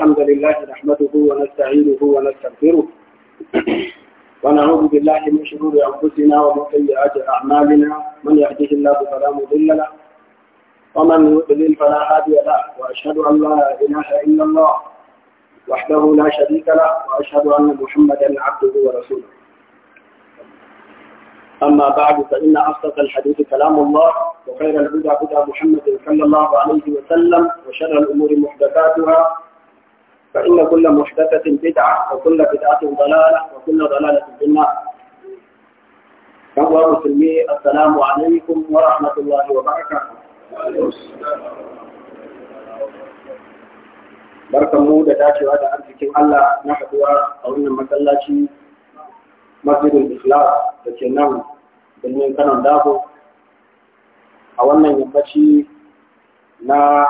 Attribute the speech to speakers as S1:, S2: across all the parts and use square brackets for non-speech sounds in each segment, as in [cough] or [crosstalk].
S1: الحمد لله نحمده ونستعينه ونستغفره [clears throat] ونعوذ بالله من شرور أنفسنا ومن سيئات أعمالنا من يهده الله فلا مضل له ومن يضلل فلا هادي له وأشهد أن لا إله إلا الله وحده لا شريك له وأشهد أن محمدا عبده ورسوله أما بعد فإن أصدق الحديث كلام الله وخير الهدى هدى محمد صلى الله عليه وسلم وشر الأمور محدثاتها فإن كل محدثة بدعة وكل بدعة ضلالة وكل ضلالة بالماء أبو أبو سلمي السلام عليكم ورحمة الله وبركاته بركم مودة داشي وادا أرجي كم ألا نحبوا أولنا مكلاشي مسجد الإخلاق تشنم بالنين كانوا دابو أولنا نحبشي na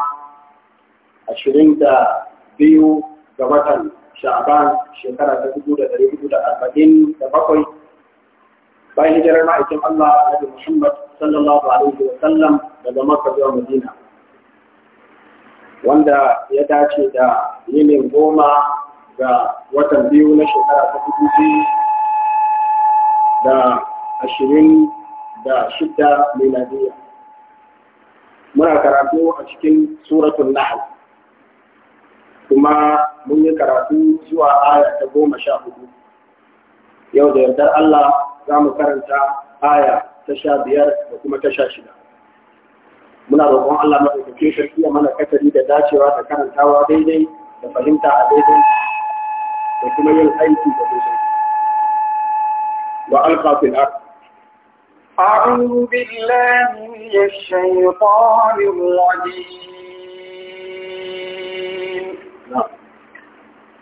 S1: ashirin da biyu ga watan sha'aban shekara ta dubu da dari hudu da arba'in da bakwai bayan hijirar ma'aikin Allah Nabi Muhammad sallallahu alaihi wa sallam daga Makka zuwa Madina wanda ya dace da yinin goma ga watan biyu na shekara ta dubu biyu da ashirin da shidda miladiyya muna karatu a cikin suratul nahl kuma mun yi karatu zuwa aya ta goma sha hudu yau da yardar Allah za mu karanta aya ta sha biyar da kuma ta sha shida muna roƙon Allah maɗaukake sarki ya mana kasari da dacewa da karantawa daidai da fahimta a daidai da kuma yin aiki da daidai wa alqa fil أعوذ بالله من الشيطان الرجيم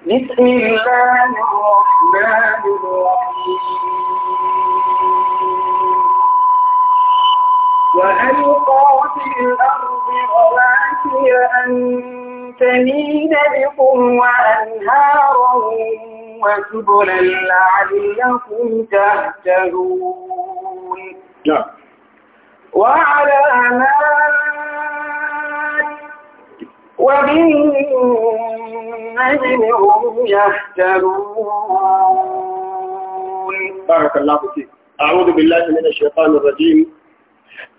S1: بسم الله الرحمن الرحيم وألقى في الأرض رواسي أن تميد بكم وأنهارا وسبلا لعلكم تهتدون وعلامات وبالنجم هم يهتدون بارك الله فيك أعوذ بالله من الشيطان الرجيم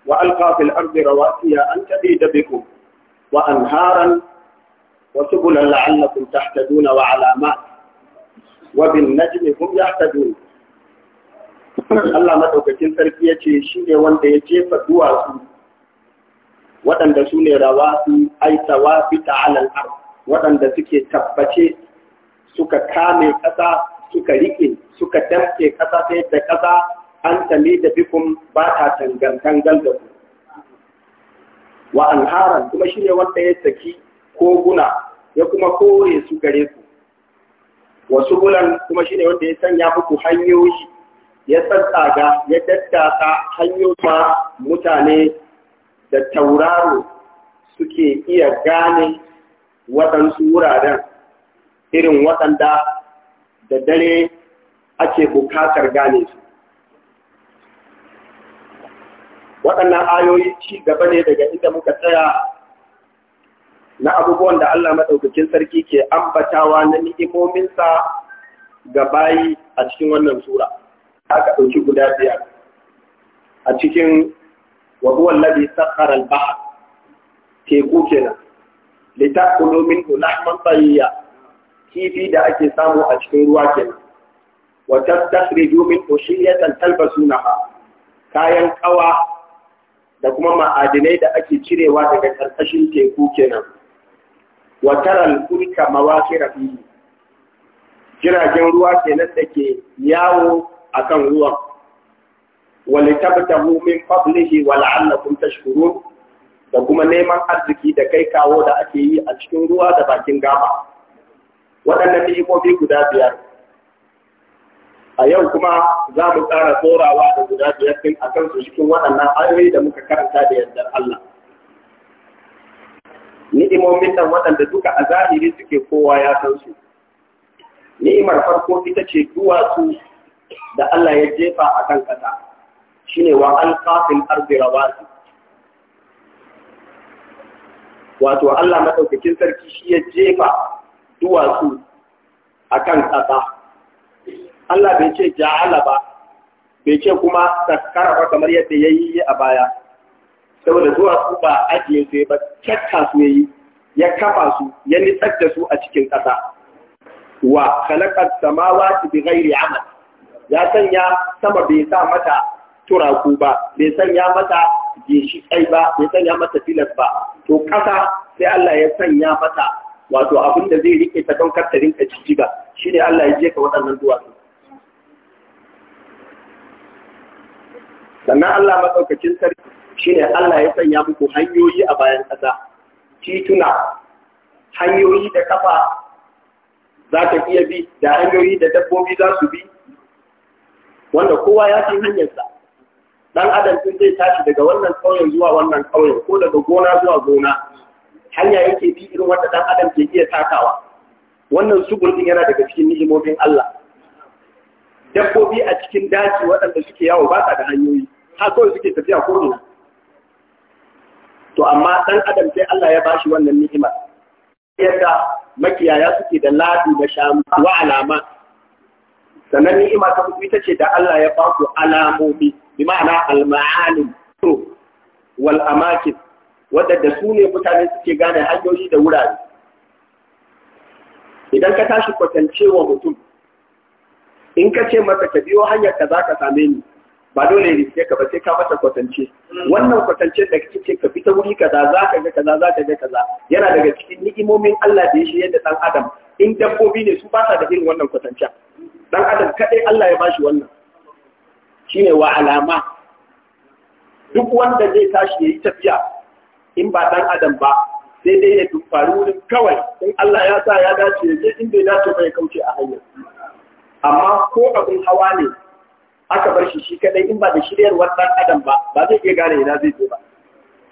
S1: وألقى في الأرض رواسي أن تبيد بكم وأنهارا وسبلا لعلكم تحتدون وعلامات وبالنجم هم يهتدون Allah madaukakin sarki ya ce shi ne wanda ya jefa duwatsu waɗanda su ne su aita fita ta'alal har waɗanda suke tabbace suka kame ƙasa suka riƙe suka damke ƙasa ta yadda ƙasa an tali da bikun ba ta tangantan da ku wa 'an anharan kuma shi ne wanda ya saki koguna ya kuma kore su gare ku wasu bulan kuma shi ne wanda ya sanya muku hanyoyi ya tsatsaga ya daddasa hanyoyi mutane da tauraro suke iya gane waɗansu wuraren irin waɗanda da dare ake bukatar gane su. Waɗannan ayoyi ci gaba ne daga inda muka tsaya na abubuwan da Allah maɗaukakin sarki ke ambatawa na ni'imominsa ga bayi a cikin wannan sura. Aka ɗauki guda biyar a cikin wa huwa alladhi sakhara al-bahr teku kenan litakulu minhu lahman tayyiya kifi da ake samu a cikin ruwa kenan wa tastakhriju min ushiyatan talbasunaha kayan kawa da kuma ma'adinai da ake cirewa daga karkashin teku kenan wa taral kulka mawakira fihi jiragen ruwa kenan da ke yawo akan ruwan walitabtahu min fadlihi wa la'allakum tashkurun da kuma neman arziki da kai kawo da ake yi a cikin ruwa da bakin gaba waɗannan ni'imomi guda biyar a yau kuma za mu ƙara tsorawa da guda biyar din a kansu cikin waɗannan ayoyi da muka karanta da yardar Allah ni'imomin nan waɗanda duka a zahiri suke kowa ya san su ni'imar farko ita ce duwatsu da Allah ya jefa a kan ƙasa shine wa alqafil ardi rawasi wato Allah madaukakin sarki shi ya jefa duwatsu akan ƙasa Allah bai ce ja'ala ba bai ce kuma sakkara ba kamar yadda yayi a baya saboda duwatsu ba ajiye su ba cakka su yayi ya kafa su ya nitsar da su a cikin ƙasa wa khalaqat samawati bighairi amal ya sanya sama bai sa mata Tura ku ba bai sanya mata jeshi kai ba bai sanya mata filas ba to ƙasa sai Allah ya sanya mata wato abin da zai rike ta don karta rinka Shi shine Allah ya jeka waɗannan duwatsu sannan Allah maɗaukacin sarki shine Allah ya sanya muku hanyoyi a bayan ƙasa tituna hanyoyi da kafa za ta iya bi da hanyoyi da dabbobi za su bi wanda kowa ya san hanyarsa dan adam sun zai tashi daga wannan ƙauyen zuwa wannan ƙauyen ko daga gona zuwa gona hanya yake bi irin wanda dan adam ke iya takawa wannan subul din yana daga cikin ni'imomin Allah dabbobi a cikin daji waɗanda suke yawo ba sa da hanyoyi ha kawai suke tafiya ko ne to amma dan adam sai Allah ya bashi wannan ni'ima yadda makiyaya suke da ladu da shamu wa alama sannan ni'ima ta ita ce da Allah ya ba ku alamomi bima'ana al-ma'alim to wal amakin waɗanda su ne mutane suke gane hanyoyi da wurare idan ka tashi kwatancewa mutum in ka ce masa ka biyo hanyar ka za ka same ni ba dole ne ka ba sai ka masa kwatance wannan kwatance da kike ka fita wuri kaza za ka ga kaza za ka ga kaza yana daga cikin ni'imomin Allah da ya shi yadda dan adam in dabbobi ne su ba sa da irin wannan kwatancen dan adam kadai Allah ya bashi wannan shine wa alama duk wanda zai tashi yayi tafiya in ba dan adam ba sai dai ya dubbaru wurin kawai in Allah ya sa ya dace ya je in bai dace ba ya kauce a hanyar amma ko abin hawa ne aka bar shi shi kadai in ba da shiryarwar dan adam ba ba zai iya gane ina zai je ba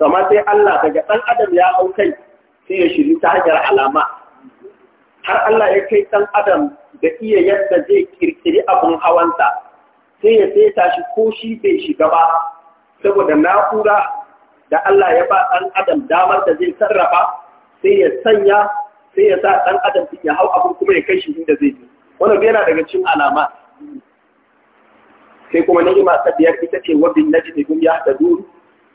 S1: amma sai Allah daga dan adam ya hau kai sai ya shiri ta hanyar alama har Allah ya kai dan adam da iya yadda zai kirkiri abin hawansa sai ya saita shi ko shi bai shiga ba saboda na'ura da Allah ya ba ɗan adam damar da zai sarrafa sai ya sanya sai ya sa ɗan adam ya hau abin kuma ya kai shi inda zai je wani yana daga cin alama sai kuma na ni'ima ta biyar ita ce jini gum ya haɗa duru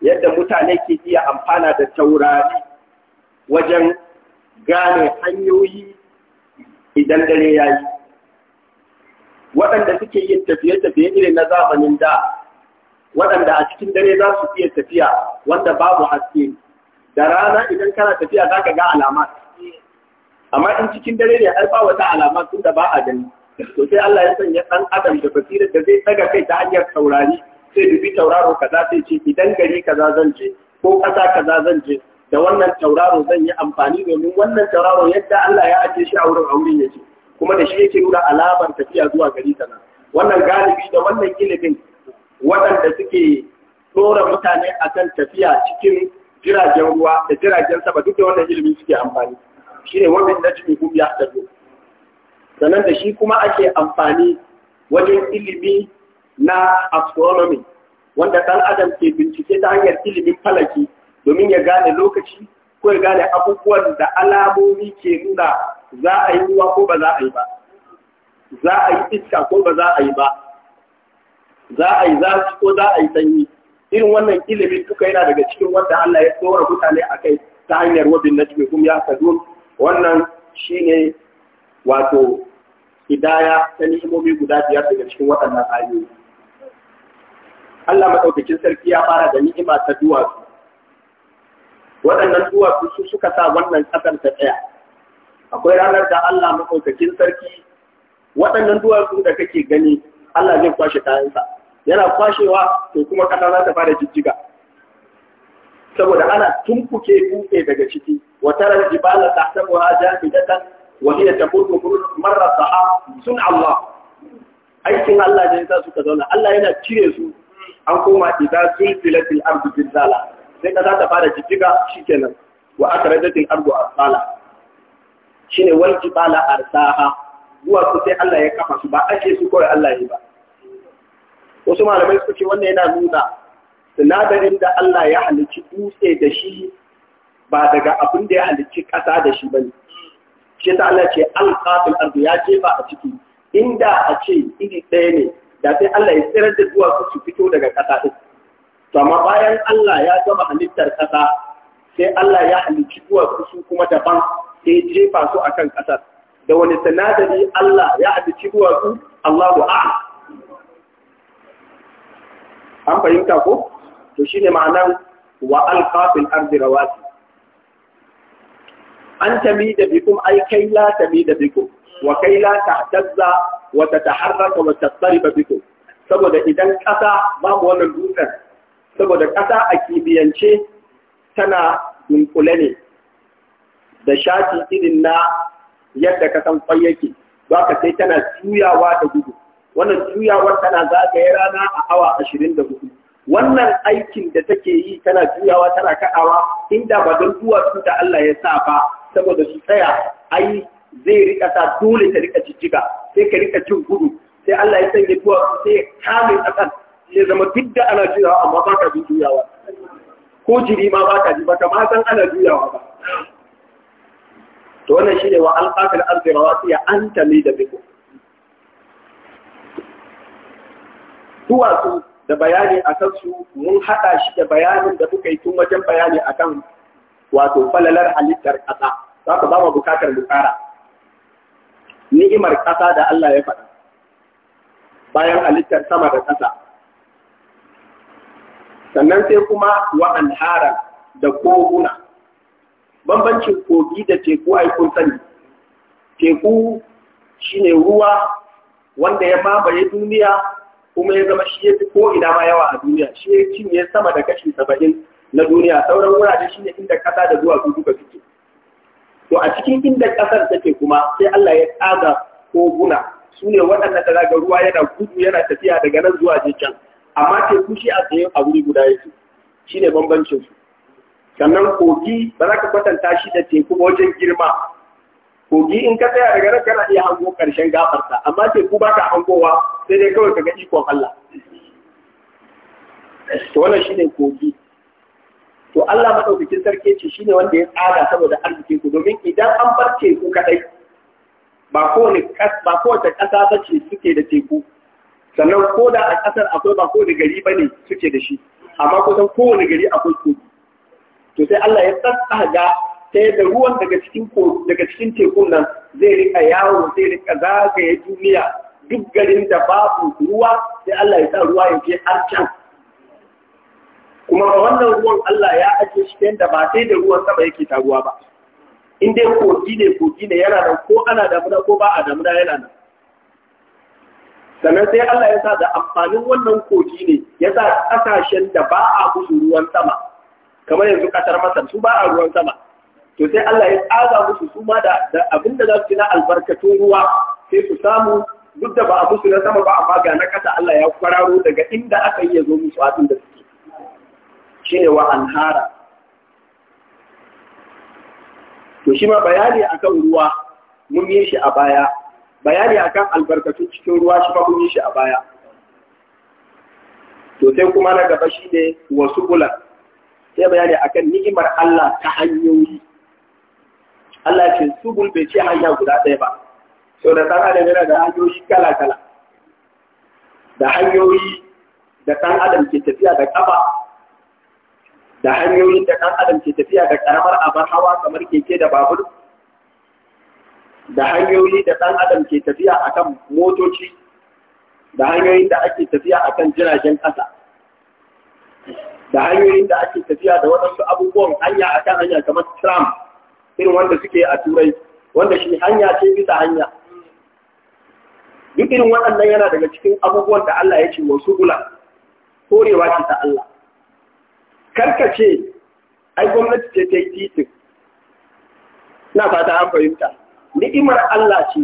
S1: yadda mutane ke iya amfana da taurari wajen gane hanyoyi idan dare ya yi. waɗanda suke yin tafiye-tafiye irin na zamanin da waɗanda a cikin dare za su iya tafiya wanda babu haske da rana idan kana tafiya za ka ga alamat amma in cikin dare ne ai ba wata tun da ba a gani to sai Allah ya sanya ɗan adam da basirar da zai tsaga kai ta hanyar taurari sai dubi tauraro kaza sai ce idan gari kaza zan je ko ƙasa kaza zan je da wannan tauraro zan yi amfani domin wannan tauraro yadda Allah ya ajiye shi a wurin aure yake kuma da shi yake nuna alamar tafiya zuwa gari ta nan, wannan galibi da wannan ilimin waɗanda suke tsoron mutane akan tafiya cikin jiragen ruwa da jiragen sama duk da wannan ilimin suke amfani shi ne wannan najmi ya yahtadu sannan da shi kuma ake amfani wajen ilimi na astronomy wanda ɗan adam ke bincike ta hanyar ilimin falaki domin ya gane lokaci ko ya gane abubuwan da alamomi ke nuna za a yi ruwa ko ba za a yi ba za a yi iska ko ba za a yi ba za a yi zafi ko za a yi sanyi irin wannan ilimin duka yana daga cikin wanda Allah ya tsora mutane a kai ta hanyar wabin na cikin ya sadun wannan shine wato hidaya ta ni'imomi guda biyar daga cikin waɗannan ayoyi Allah maɗaukakin sarki ya fara da ni'ima ta duwatsu waɗannan duwatsu su suka sa wannan ƙasar ta tsaya akwai ranar da Allah maɗaukakin sarki waɗannan duwatsu da kake gani Allah zai kwashe kayansa yana kwashewa to kuma ƙasa za ta fara jijjiga saboda ana tumkuke dutse daga ciki wa tara jibala tahtabuha jamidatan wa hiya tamurru marra saha sun Allah aikin Allah ne sa suka zauna Allah yana cire su an koma idza zulzilatil ardu zilzala sai ƙasa ta fara jijjiga shikenan wa akhrajatil ardu asala ne walji ba jibala arsaha zuwa su sai Allah ya kafa su ba ake su kawai Allah yi ba wasu malamai suke ce wannan yana nuna sinadarin da Allah ya halicci dutse da shi ba daga abin da ya halicci ƙasa da shi ne. shi ta Allah ce alƙafin ardu ya ce ba a ciki inda a ce iri ɗaya ne da sai Allah ya tsirar da zuwa su fito daga ƙasa din to amma bayan Allah ya gama halittar ƙasa sai Allah ya halicci duwatsu kuma daban sai jefa su akan ƙasar da wani sanadari Allah ya adici duwatsu Allahu a'a an fahimta ko to shine ma'anar wa alqa fil ardi An tami da bikum ai kai la da bikum wa kai la ta ta harraka wata wa ba bikum saboda idan ƙasa babu wannan dutsen saboda ƙasa a kibiyance tana dunkule ne da shafi irin na yadda ka san kwai yake ba ka sai tana juyawa da gudu wannan juyawar tana zagaye rana a awa ashirin da hudu wannan aikin da take yi tana juyawa tana kaɗawa inda ba don duwatsu da Allah ya sa ba saboda su tsaya ai zai rika sa dole ta rika jijjiga sai ka rika jin gudu sai Allah ya sanya duwatsu sai ya kame tsakan ya zama duk ana juyawa amma ba ka jin juyawa ko jiri ma ba ka ji ba ka ma san ana juyawa ba to wannan ne wa alqafil ardi rawasiya an da bikum duwatsu da bayani a kansu mun haɗa shi da bayanin da kuka yi tun wajen bayani a kan wato falalar halittar ƙasa za ku zama bukatar bukara ni'imar ƙasa da Allah ya faɗa bayan halittar sama da ƙasa sannan sai kuma wa'anhara da koguna bambancin kogi da teku aikun kun sani teku shi ne ruwa wanda ya mamaye duniya kuma ya zama shi ya fi ko'ina ma yawa a duniya shi ya cinye sama da kashi saba'in na duniya sauran wurare ne inda kasa da zuwa duka suke to a cikin inda kasar take kuma sai Allah ya tsaga koguna su ne waɗanda da zaga ruwa yana gudu yana tafiya daga nan zuwa can amma teku shi a tsaye a wuri guda yake Shi bambancin su sannan kogi ba za ka kwatanta shi da teku ba wajen girma kogi in ka tsaya daga nan kana iya hango karshen gafarta amma teku ba ka hangowa sai dai kawai ka ga ikon Allah to wannan shine kogi to Allah madaukakin sarki ce shine wanda ya tsara saboda arzikin ku domin idan an bar teku kadai ba kowane ba kowace kasa ba ce suke da teku sannan ko da a kasar akwai ba kowane gari ba ne suke da shi amma kusan kowane gari akwai kogi to sai Allah ya tsatsaga ta yadda ruwan daga cikin daga cikin tekun nan zai rika yawo zai rika zagaye duniya duk garin da babu ruwa sai Allah ya sa ruwa ya je har can kuma ba wannan ruwan Allah ya ajiye shi ta yadda ba sai da ruwan sama yake taruwa ba in dai kogi ne kogi ne yana nan ko ana damuna ko ba a damuna yana nan sannan sai Allah ya sa da amfanin wannan kogi ne ya sa ƙasashen da ba a musu ruwan sama kamar yanzu kasar masar su ba a ruwan sama to sai Allah ya tsaga musu su ma da abin da za su na albarkatun ruwa sai su samu duk da ba a musu na sama ba amma ga na kasa Allah ya kwararo daga inda aka yi ya zo musu abin da suke ne wa anhara to shi ma bayani akan ruwa mun yi shi a baya bayani akan albarkatun cikin ruwa shi ma mun yi shi a baya to sai kuma na gaba shi ne wasu bulan sai bayani akan ni'imar Allah ta hanyoyi Allah ce su gulbe ce hanya guda ɗaya ba So da ɗan adam yana da hanyoyi kala-kala da hanyoyi da ɗan adam ke tafiya da ƙafa da hanyoyin da ɗan adam ke tafiya da ƙaramar abar hawa kamar keke da babur da hanyoyi da ɗan adam ke tafiya akan motoci da hanyoyin da ake tafiya akan jiragen ƙasa da hanyoyin da ake tafiya da waɗansu abubuwan hanya a kan hanya kamar tram irin wanda suke a turai wanda shi hanya ce bisa hanya duk irin waɗannan yana daga cikin abubuwan da Allah ya ce wasu ula. korewa ce ta Allah karkace ai gwamnati ce ta yi titin na fata an fahimta ni'imar Allah ce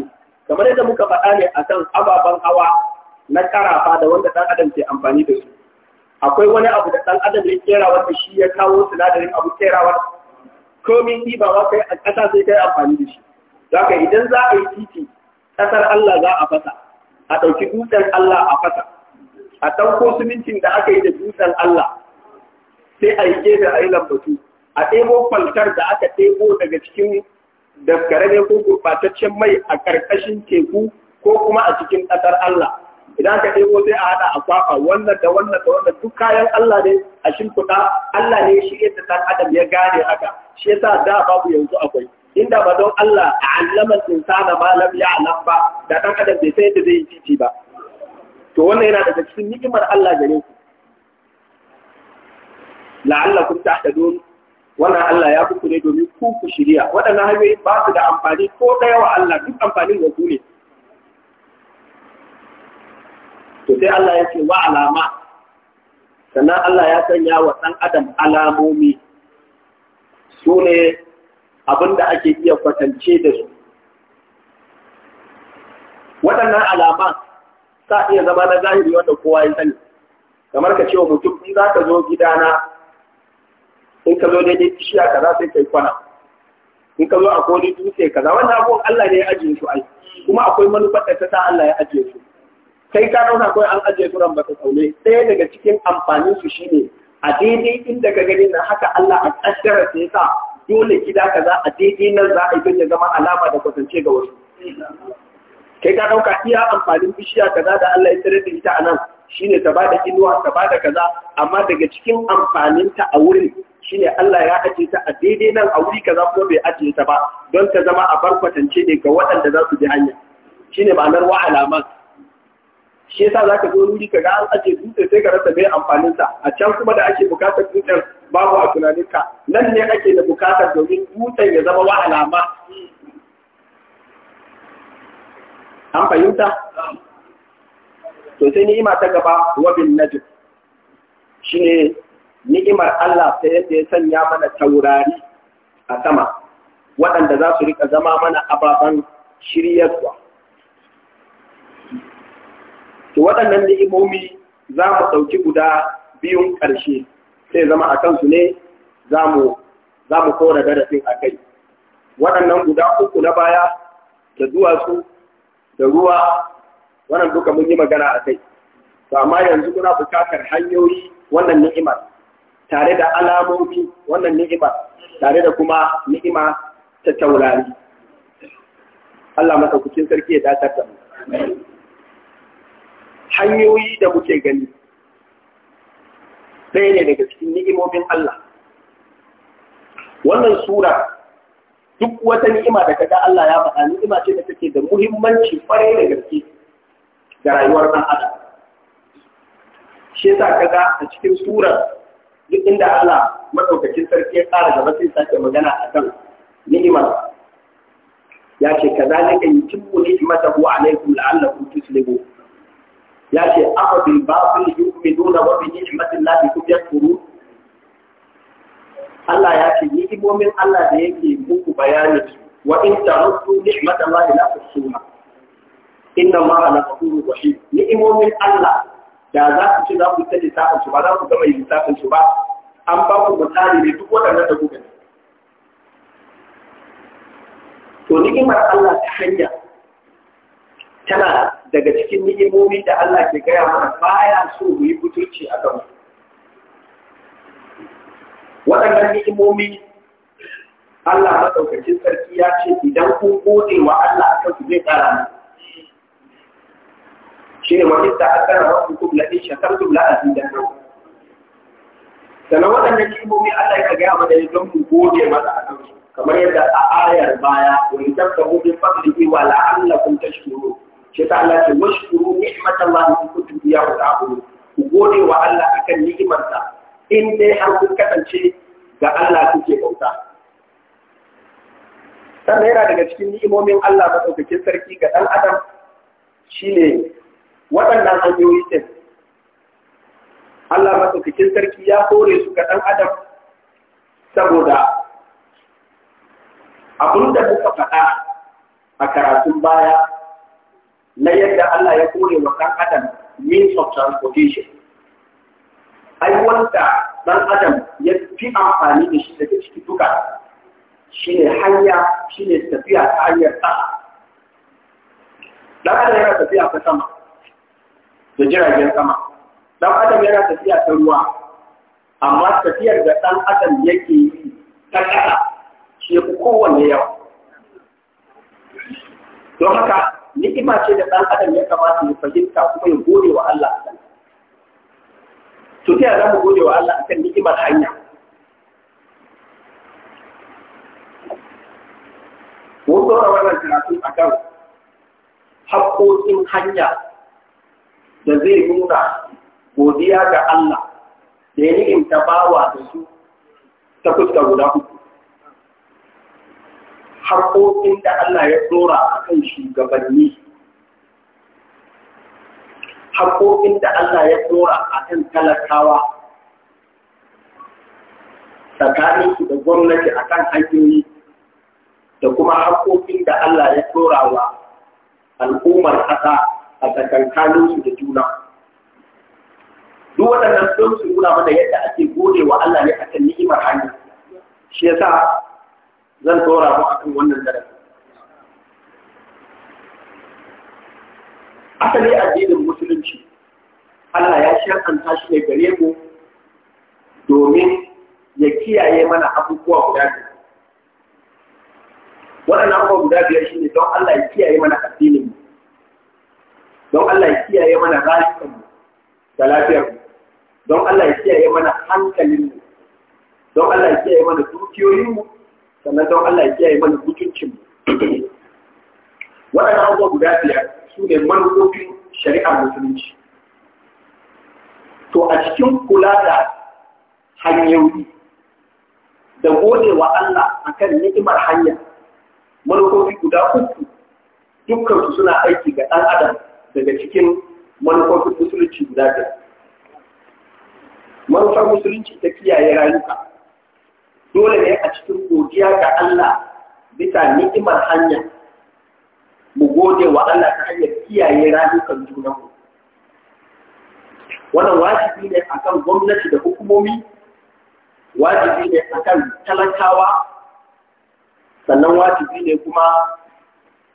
S1: kamar yadda muka faɗa ne akan ababen hawa na karafa da wanda ɗan adam ke amfani da su akwai wani abu da ɗan adam ya kera wanda shi ya kawo sinadarin abu wata komin ɗiba ba kai a ƙasa sai kai amfani da shi za ka idan za a yi titi ƙasar Allah za a fasa a ɗauki dutsen Allah a fasa a ɗauko simintin da aka yi da dutsen Allah sai a yi gefe a yi lambatu a ɗebo kwalkar da aka ɗebo daga cikin daskararren ko gurɓataccen mai a ƙarƙashin teku ko kuma a cikin ƙasar Allah idan ka ɗebo sai a haɗa a kwafa wannan da wannan da wannan duk kayan Allah ne a shimfiɗa Allah ne shi yadda ɗan adam ya gane haka shi yasa da babu yanzu akwai inda ba don Allah a allaman insana ma lam alam ba da ɗan adam bai sai da zai yi titi ba to wannan yana daga cikin ni'imar Allah gare ku La'alla da don wannan Allah ya kuku ne domin ku ku shirya waɗannan hanyoyi ba su da amfani ko ɗaya wa Allah duk amfanin wasu ne to sai Allah ya ce wa alama sannan Allah ya sanya wa ɗan adam alamomi su ne abin da ake iya kwatance da su waɗannan alama sa iya zama na zahiri wanda kowa ya sani kamar ka ce wa mutum in za ka zo gidana in ka zo daidai ka za sai kai kwana in ka zo a koli dutse kaza wannan abubuwan Allah ne ya ajiye su ai kuma akwai manufar da ta sa Allah ya ajiye su kai ka ɗauka kawai an ajiye turan ba ta tsaune ɗaya daga cikin amfanin su shine a daidai inda ka gani na haka Allah a kaddara sai sa dole gida kaza a daidai nan za a yi ya zama alama da kwatance ga wasu kai ka ɗauka iya amfanin bishiya kaza da Allah ya tare da ita a nan shine ta bada inuwa ta bada kaza amma daga cikin amfaninta a wurin shine Allah ya ajiye ta a daidai nan a wuri kaza ko bai ajiye ta ba don ta zama a bar kwatance ne ga waɗanda za su bi hanya shine ma'anar wa alaman shi yasa zaka zo wuri ka ga an aje dutse sai ka rasa mai amfanin sa a can kuma da ake bukatar dutsen babu a tunanin ka nan ne ake da bukatar domin dutsen ya zama wa alama an fahimta to sai ni'ima ta gaba wa bin najm shine ni'imar Allah ta yadda ya sanya mana taurari a sama waɗanda za su rika zama mana ababen shiryarwa to waɗannan ni'imomi za mu ɗauki guda biyun ƙarshe sai zama a kansu ne za mu kora darasin a kai waɗannan guda uku na baya da duwatsu da ruwa wannan duka mun yi magana a kai to amma yanzu kuna bukatar hanyoyi wannan ni'imar tare da alamomi wannan ni'imar tare da kuma ni'ima ta taurari Allah madaukakin sarki ya dace da mu hanyoyi da muke gani ɗaya ne daga cikin ni'imomin Allah wannan sura duk wata ni'ima da kaga Allah ya faɗa ni'ima ce da take da muhimmanci kwarai da gaske ga rayuwar ɗan adam shi yasa kaga a cikin surar duk inda Allah madaukakin sarki ya tsara gaba sai sake magana akan ni'imar ya ce ka kazalika yutimmu ni'matahu alaykum la'allakum tuslimun ya ce su yi batil yu'minuna wa bi lafi ku ya turu Allah ya ce imomin Allah da yake muku bayani wa in da ni'matan lahi la tuhsuha inna ma wa shi. rahim imomin Allah da za ku ci za ku ta lissafin ba za ku gama yi su ba an ba ku misali ne duk waɗannan da kuka to ni'imar Allah ta hanya tana daga cikin ni'imomi da Allah ke gaya mana baya so mu yi butulci a kan waɗannan ni'imomi Allah maɗaukacin sarki ya ce idan kun gode wa Allah kan su zai ƙara mu shi ne wani da aka rama shakar la in a la azidannakum sannan waɗannan ni'imomi Allah ya gaya mana don mu gode a kan su kamar yadda a ayar baya wani in tabtahu min fadlihi wa la'allakum tashkurun ce ta Allah ce washkuru ni'matallahi in kuntum iyyahu ta'budun ku gode wa Allah akan ni'imarsa in dai har kun kasance ga Allah kuke bauta sannan yana daga cikin ni'imomin Allah madaukakin sarki ga ɗan adam shine waɗannan hanyoyi ɗin Allah madaukakin sarki ya kore su ga ɗan adam saboda abin da muka faɗa a karatun baya na yadda Allah ya kore wa ɗan adam means of transportation ai wanda ɗan adam ya fi amfani da shi daga ciki duka shi ne hanya shi ne tafiya ta hanyar ta. ɗan adam yana tafiya ta sama da jiragen sama ɗan adam yana tafiya ta ruwa amma tafiyar da ɗan adam yake yi ta ƙasa shi ya fi kowanne yawa don haka ni'ima ce da ɗan adam ya kamata ya fahimta kuma ya gode wa Allah akan za mu gode wa Allah ni'imar hanya mun dora wannan karatu akan haƙƙoƙin hanya da zai nuna godiya ga Allah da ya ni'imta bawa da su ta fuskar guda uku haƙoƙin da Allah ya tsora a kan shugabanni, haƙoƙin da Allah ya tsora a kan talakawa, tsakaninsu da gwamnati a kan hanyoyi, da kuma haƙoƙin da Allah ya tsora wa al'ummar ƙasa a tsakankaninsu da juna. Duk waɗannan don su nuna mana yadda ake gode wa Allah ne a kan ni'imar hannu. Shi yasa zan tsora ku akan wannan darasi asali addinin musulunci Allah ya shirkanta shi ne gare mu domin ya kiyaye mana abubuwa guda biyar waɗannan abubuwa guda biyar shi ne don Allah ya kiyaye mana addinin mu don Allah ya kiyaye mana rayukan mu da lafiyar mu don Allah ya kiyaye mana hankalin mu don Allah ya kiyaye mana dukiyoyin mu sannan don Allah ya kiyaye mana mutuncin waɗannan abubuwa guda biyar su ne manufofin shari'ar musulunci to a cikin kula da hanyoyi da gode wa Allah a kan ni'imar hanya manufofi guda uku dukkansu suna aiki ga ɗan adam daga cikin manufofin musulunci guda biyar manufar musulunci ta kiyaye rayuka dole ne a cikin godiya ga Allah bisa ni'imar hanya mu gode wa Allah ta hanyar kiyaye rayukan mu. wannan wajibi ne akan gwamnati da hukumomi wajibi ne akan talakawa sannan wajibi ne kuma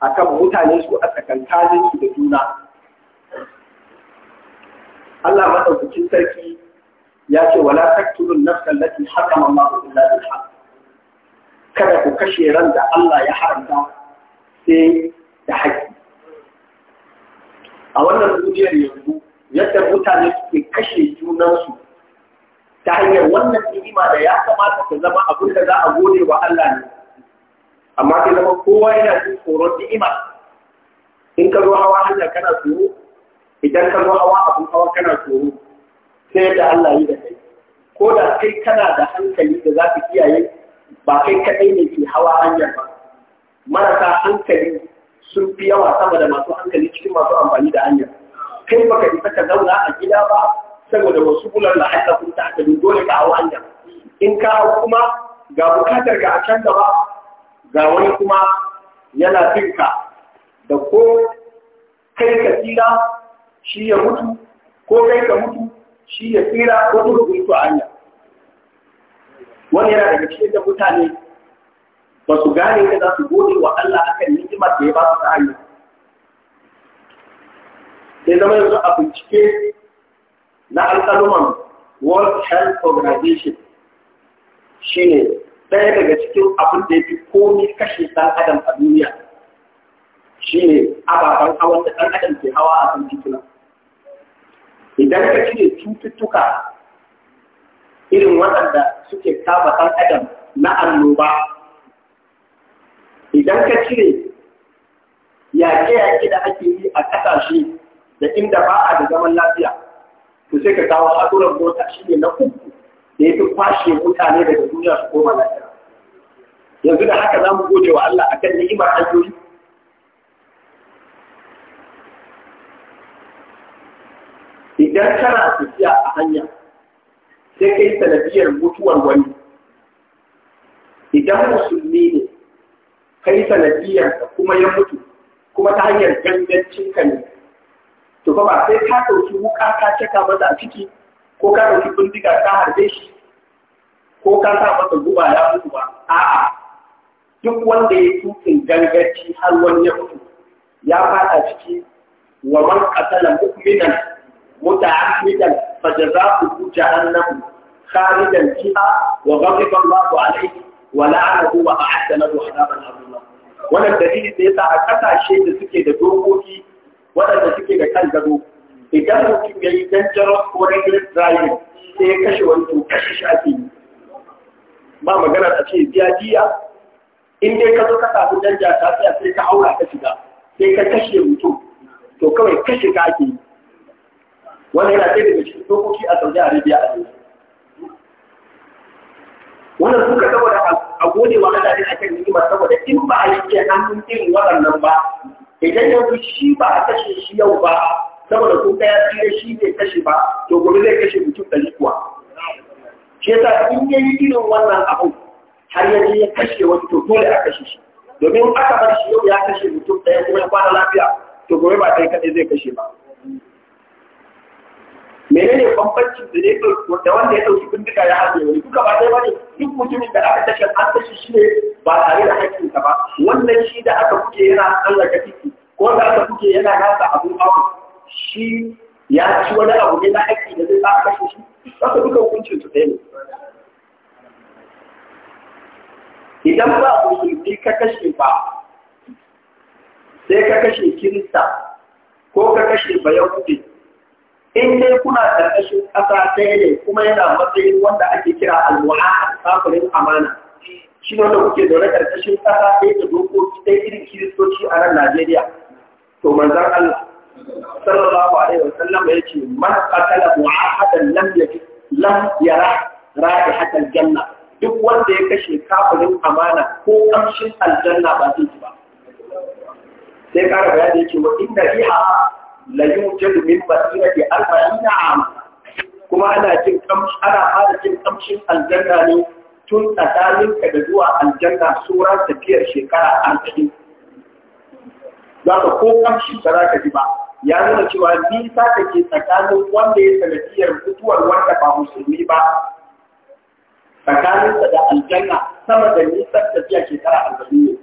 S1: akan mutane su a tsakankanin su da juna Allah maɗaukacin sarki ya ce wala taktulun nafsa allati harrama Allah illa bil haqq kada ku kashe ran da Allah ya haramta sai da haƙƙi a wannan duniyar yanzu yadda mutane suke kashe junansu ta hanyar wannan ni'ima da ya kamata ta zama abin da za a gode wa Allah ne amma sai zama kowa yana jin tsoron ni'ima in ka zo hawa hanya kana tsoro idan ka zo hawa abin hawa kana tsoro sai da Allah yi da kai ko da kai kana da hankali da za ka kiyaye ba kai kaɗai ne ke hawa hanyar ba marasa hankali sun fi yawa sama da masu hankali cikin masu amfani da hanyar kai baka isa ka zauna a gida ba saboda wasu bulan kun ta aka dole ka hawa hanyar in ka hau kuma ga bukatar ka a can gaba ga wani kuma yana finka da ko kai ka tsira shi ya mutu ko kai ka mutu shi ya tsira ko duk a hanya wani yana daga cikin da mutane ba su gane da za su gode wa Allah akan ni'imar da ya ba su ta hanya sai zama yanzu a bincike na alƙaluman World Health Organization shi ne ɗaya daga cikin abin da ya fi komi kashe ɗan adam a duniya shi ne ababen hawan da ɗan adam ke hawa a kan tituna. idan ka cire cututtuka irin waɗanda suke kama ɗan adam na annoba idan ka cire yaƙe-yaƙe da ake yi a ƙasashe da inda ba a da zaman lafiya to sai ka kawo haɗuran mota shi ne na uku da ya fi kwashe mutane daga duniya su koma lafiya yanzu da haka za mu gode wa Allah akan ni'imar hanyoyi idan kana tafiya a hanya sai kai sanadiyar mutuwar wani idan musulmi ne kai sanadiyar kuma ya mutu kuma ta hanyar gangancin ka ne to ba sai ka ɗauki wuka ka caka masa a ciki ko ka ɗauki bindiga ka harbe shi ko ka sa masa guba ya mutu ba a'a duk wanda ya tukin gangaci har wani ya mutu ya fada ciki wa man qatala mu'minan متعمدا فجزاؤه جهنم خالدا فيها وغضب الله عليه ولعنه وأعد له عذابا عظيما wannan dalili da yasa a kasashe da suke da dokoki waɗanda suke da kan gado idan mutum ya yi dangerous ko reckless driving sai ya kashe wani to kashe shi ake yi ba magana a ce biya jiya in dai ka zo ka samu danja ta sai ka aura ka shiga sai ka kashe mutum to kawai kashe ka ake yi wanda yana ɗaya daga cikin dokoki a saudi arabia a yanzu wannan suka saboda a gode wa Allah ne akan ni'ima saboda in ba a yake hannun irin waɗannan ba idan yanzu shi ba a kashe shi yau ba saboda ko ka ya shi zai kashe ba to gobe zai kashe mutum ɗari kuwa shi yasa in ya yi irin wannan abu har yanzu ya kashe wani to dole a kashe shi domin aka bar shi yau ya kashe mutum ɗaya kuma ya kwana lafiya to gobe ba kai kaɗai zai kashe ba menene bambanci da ne da wanda ya dauki bindiga ya haɗe wani duka ba dai bane duk mutumin da aka tashi an tashi shi ne ba tare da hakkin ka ba wannan shi da aka kuke yana Allah ka titi ko da aka kuke yana nasa abu ba shi ya ci wani abu ne na hakki da zai sa kashe shi saka duka hukuncin su ɗaya ne idan ba musulmi ka kashe ba sai ka kashe kirista ko ka kashe bayan kuɗi in dai kuna ƙarƙashin ƙasa ɗaya ne kuma yana matsayin wanda ake kira a kafirin amana shi ne wanda kuke zaune ƙarƙashin ƙasa ɗaya da dokoki ɗaya irin kiristoci a nan Najeriya to manzon Allah sallallahu alaihi wa sallam ya ce man qatala mu'ahadan lam yaji lam yara ra'ihatal janna duk wanda ya kashe kafirin amana ko kamshin aljanna ba zai ji ba sai ƙara bayani ya ce wa inna la yujadu min basirati arba'ina am kuma ana cin kamshi ana fara cin kamshin aljanna ne tun tsakanin ka da zuwa aljanna sura tafiyar shekara an za Zaka ko kamshi ba za ka ji ba ya nuna cewa nisa ta ke tsakanin wanda ya sanadiyar mutuwar wanda ba musulmi ba tsakaninsa da aljanna sama da nisan tafiya shekara arba'in ne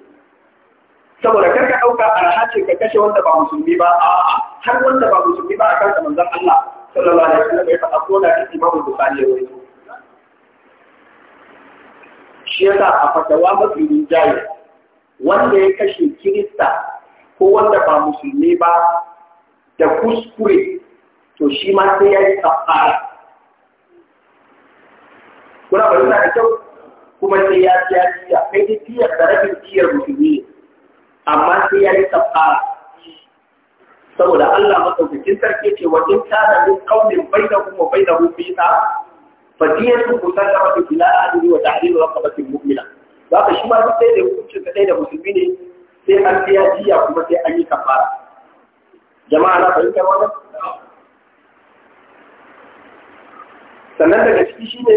S1: saboda kar ka ɗauka arha ce ka kashe wanda ba musulmi ba a'a har wanda ba musulmi ba a kansa manzon Allah sallallahu alaihi wasallam ya faɗa ko da shi Imam Bukhari ya rawaito shi yasa a fatawa mafi rinjaye wanda ya kashe Kirista ko wanda ba musulmi ba da kuskure to shi ma sai ya yi kafara kuna bayyana da kyau kuma sai ya ci ya ci ya kai dai tiyar da rabin tiyar musulmi amma sai ya yi kafara saboda Allah madaukakin sarki ce bai in kana min qawmin bainakum wa bainahu mita fadiyatu musallama ila ahli wa tahlilu raqabatin za ka shi ma duk sai da hukunci ka ɗaya da musulmi ne sai an ya jiya kuma sai an yi kafara jama'a na fahimta wannan sannan daga ciki shine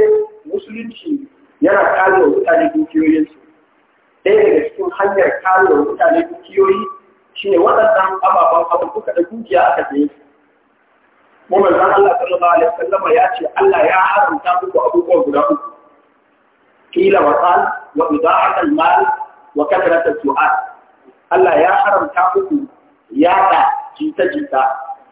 S1: musulunci yana kare wa mutane dukiyoyinsu ɗaya daga cikin hanyar kare wa mutane dukiyoyi shine waɗannan ababen abin kuka da dukiya aka je. su zan manzon Allah sallallahu alaihi wasallam ya ce Allah ya haramta muku abubuwa guda uku kila wa qal wa ida'at al-mal wa kathrat sual Allah ya haramta muku yada jita-jita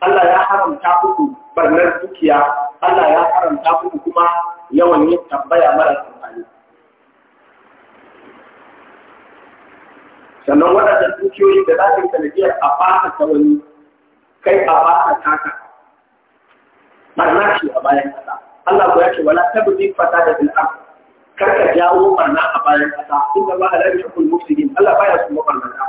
S1: Allah ya haramta muku barnar dukiya Allah ya haramta muku kuma yawan yin tambaya mara sannan waɗannan dukiyoyi da za ka yi sanadiyar a fata ta wani kai a fata taka barna ce a bayan ƙasa Allah ko ya ce wala tabdi fata da bil ard kar ka jawo barna a bayan ƙasa inda ba la yuhibbul mufsidin Allah baya so mabarnata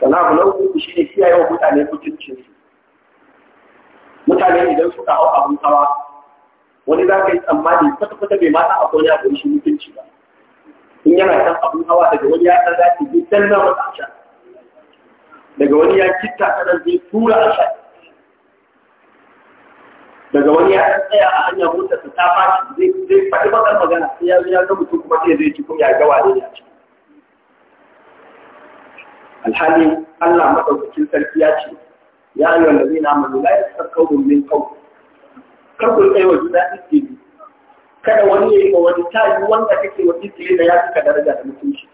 S1: sannan abu na uku shi ne kiyaye wa mutane mutuncinsu mutane idan suka hau abin hawa wani za ka yi tsammani kwata-kwata bai mata akwai wani abu shi mutunci ba in yana kan abun hawa daga wani ya ɗan zafi zai ɗan na wata asha daga wani ya kitta kanan zai tura a daga wani ya ɗan tsaya a hanyar motar ta tafa zai faɗi bakar magana sai ya zo ya ga su kuma sai zai ci kuma ya ga wane ne a ciki alhali Allah madaukakin sarki ya ce ya ayyuhal ladina amanu la yastakbirun min qawli kar ku kai wa juna ne kada wani ya yi ma wani ta yi wanda kake wa iskili da ya fi daraja da mutunci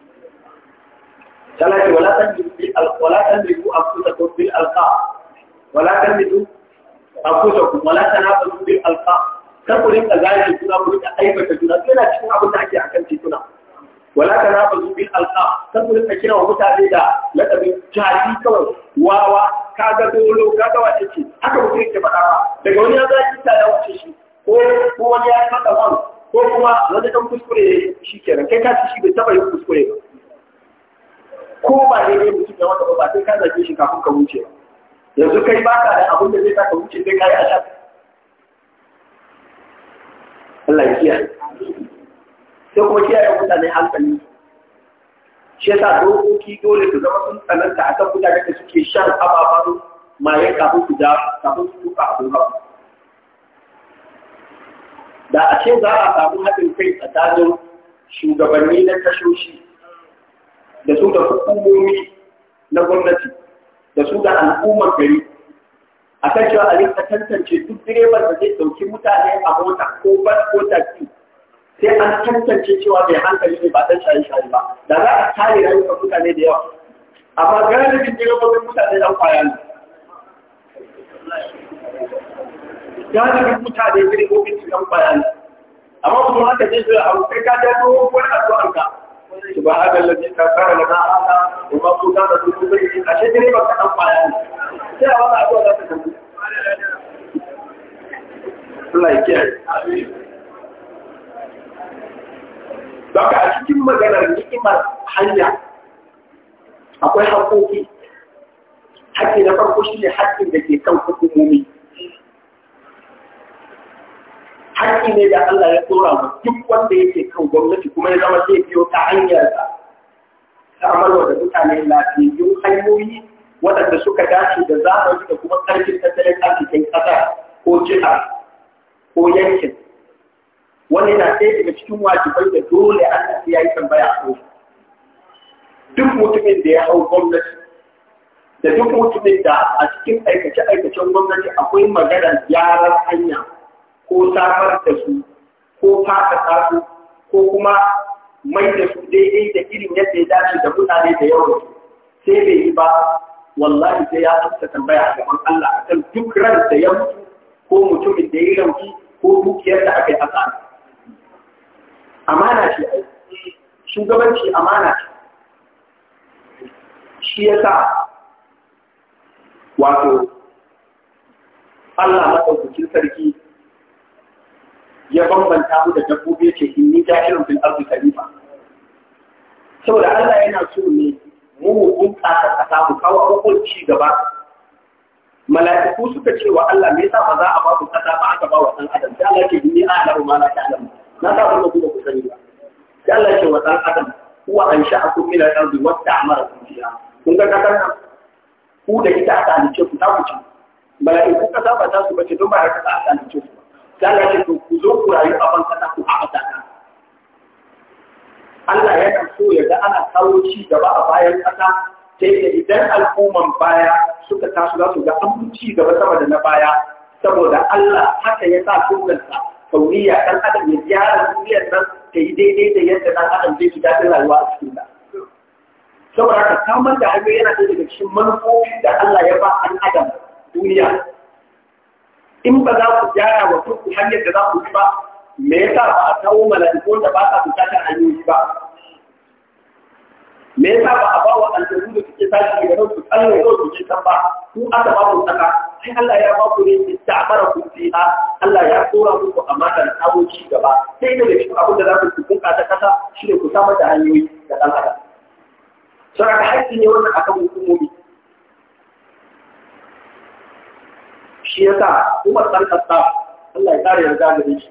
S1: tana ce wala tan bi al wala tan bi ku afusa ko bil alqa wala bi ku afusa ku wala tan afusa bil ku rinka zaki kuna ku aibata juna yana cikin abin da ake akan tituna wala ka nafa zubin bil alqa kan ku rika kira mutane da ta jahi kawai wawa kaga dolo kaga wace ce haka mutum yake faɗa ba daga wani ya zaki ta da wuce shi ko ko wani ya faɗa ba ko kuma wani dan kuskure shi kenan kai ka ci shi bai taba yin kuskure ba ko ba ne ne mutum ya wanda ba sai ka zaki shi kafin ka wuce ba yanzu kai ba ka da abin da zai ka wuce sai ka yi a Allah ya kiyaye sai kuma kiyaye mutane hankali shi yasa dokoki dole su zama sun tsananta akan mutane da suke shan ababen maye kafin su da kafin su tuka abin hau da a ce za a samu haɗin kai tsakanin shugabanni na tashoshi da su da hukumomi na gwamnati da su da al'ummar gari a kan cewa a rinka tantance duk direban da zai ɗauki mutane a mota ko bas ko taxi sai an tantance cewa mai hankali ne ba dan shaye-shaye ba da za a kare rayuwar mutane da yawa amma galibin direbobin mutane dan kwaya ne galibin mutane direbobin su dan kwaya ne amma kuma haka ne zuwa abu kai ka ja dogon addu'ar ka سبحان الذي كفر لنا هذا وما كنا نتوب ashe direban ka dan kwaya ne sai a wata addu'a za ta tafi Allah ya kiyaye Don a cikin maganar ni'imar hanya akwai haƙoƙi. Haƙƙi na farko shi ne haƙƙin da ke kan hukumomi. Haƙƙi ne da Allah ya tsora mu duk wanda yake kan gwamnati kuma ya zama zai biyo ta hanyarsa. Ta amalwa da mutane lafiyayyun hanyoyi waɗanda suka dace da zamani da kuma ƙarfin tattalin arzikin ƙasa ko jiha ko yankin. wani na ɗaya daga cikin wajibai da dole a sai ya yi tambaya a kai duk mutumin da ya hau gwamnati da duk mutumin da a cikin aikace-aikacen gwamnati akwai maganar gyaran hanya ko samar da su ko fata tasu ko kuma mai da su daidai da irin yadda ya dace da mutane da yawon su sai bai yi ba wallahi sai ya amsa tambaya a gaban Allah akan duk ran da ya mutu ko mutumin da ya yi rauki ko dukiyar da aka yi hasara amana ce ai shugabanci amana ce shi ya sa wato Allah maɗaukakin sarki ya bambanta mu da dabbobi ya ce inni jahirin fil ardi khalifa saboda Allah yana so ne mu hukunta a kasa mu kawo abubuwan ci gaba mala'iku suka ce wa Allah me yasa ba za a ba ku kasa ba aka ba wa ɗan adam da Allah ke inni a'lamu ma la ta'lamu na sa ku da ku sani ba sai ce wa dan adam huwa ansha'akum min al-ardi wa ta'marakum fiha kun ga kakan ku da ita aka halice ku ta ku ci mala'iku ka saba ta su bace don ba ka aka halice ku sai Allah ce ku zo ku rayu a ban Allah ya kan so ya ga ana kawo ci gaba a bayan kasa sai da idan al'umman baya suka taso za su ga an ci gaba sama da na baya saboda Allah haka ya sa sunansa kauniya ɗan adam ya gyara duniyar nan ta yi daidai da yadda ɗan adam zai fita daɗin rayuwa a cikin ta. Saboda haka samar da hanyoyi yana ɗaya daga cikin manufofin da Allah ya ba ɗan adam duniya. In ba za ku gyara wa kurku hanyar da za ku bi ba, me yasa ba a kawo mala'iku da ba sa bukatar hanyoyi ba? me yasa ba a ba wa da suke tashi daga nan su tsalle yau su je ba ku aka ba ku tsaka sai Allah ya ba ku ne ista'mara ku fiha Allah ya kora muku amanar sabon ci gaba sai daga cikin abin da za ku kunka ta kasa shine ku samar da hanyoyi da ɗan adam saboda haƙƙi ne wannan akan hukumomi shi yasa Umar ɗan Khattab Allah ya kare yarda da shi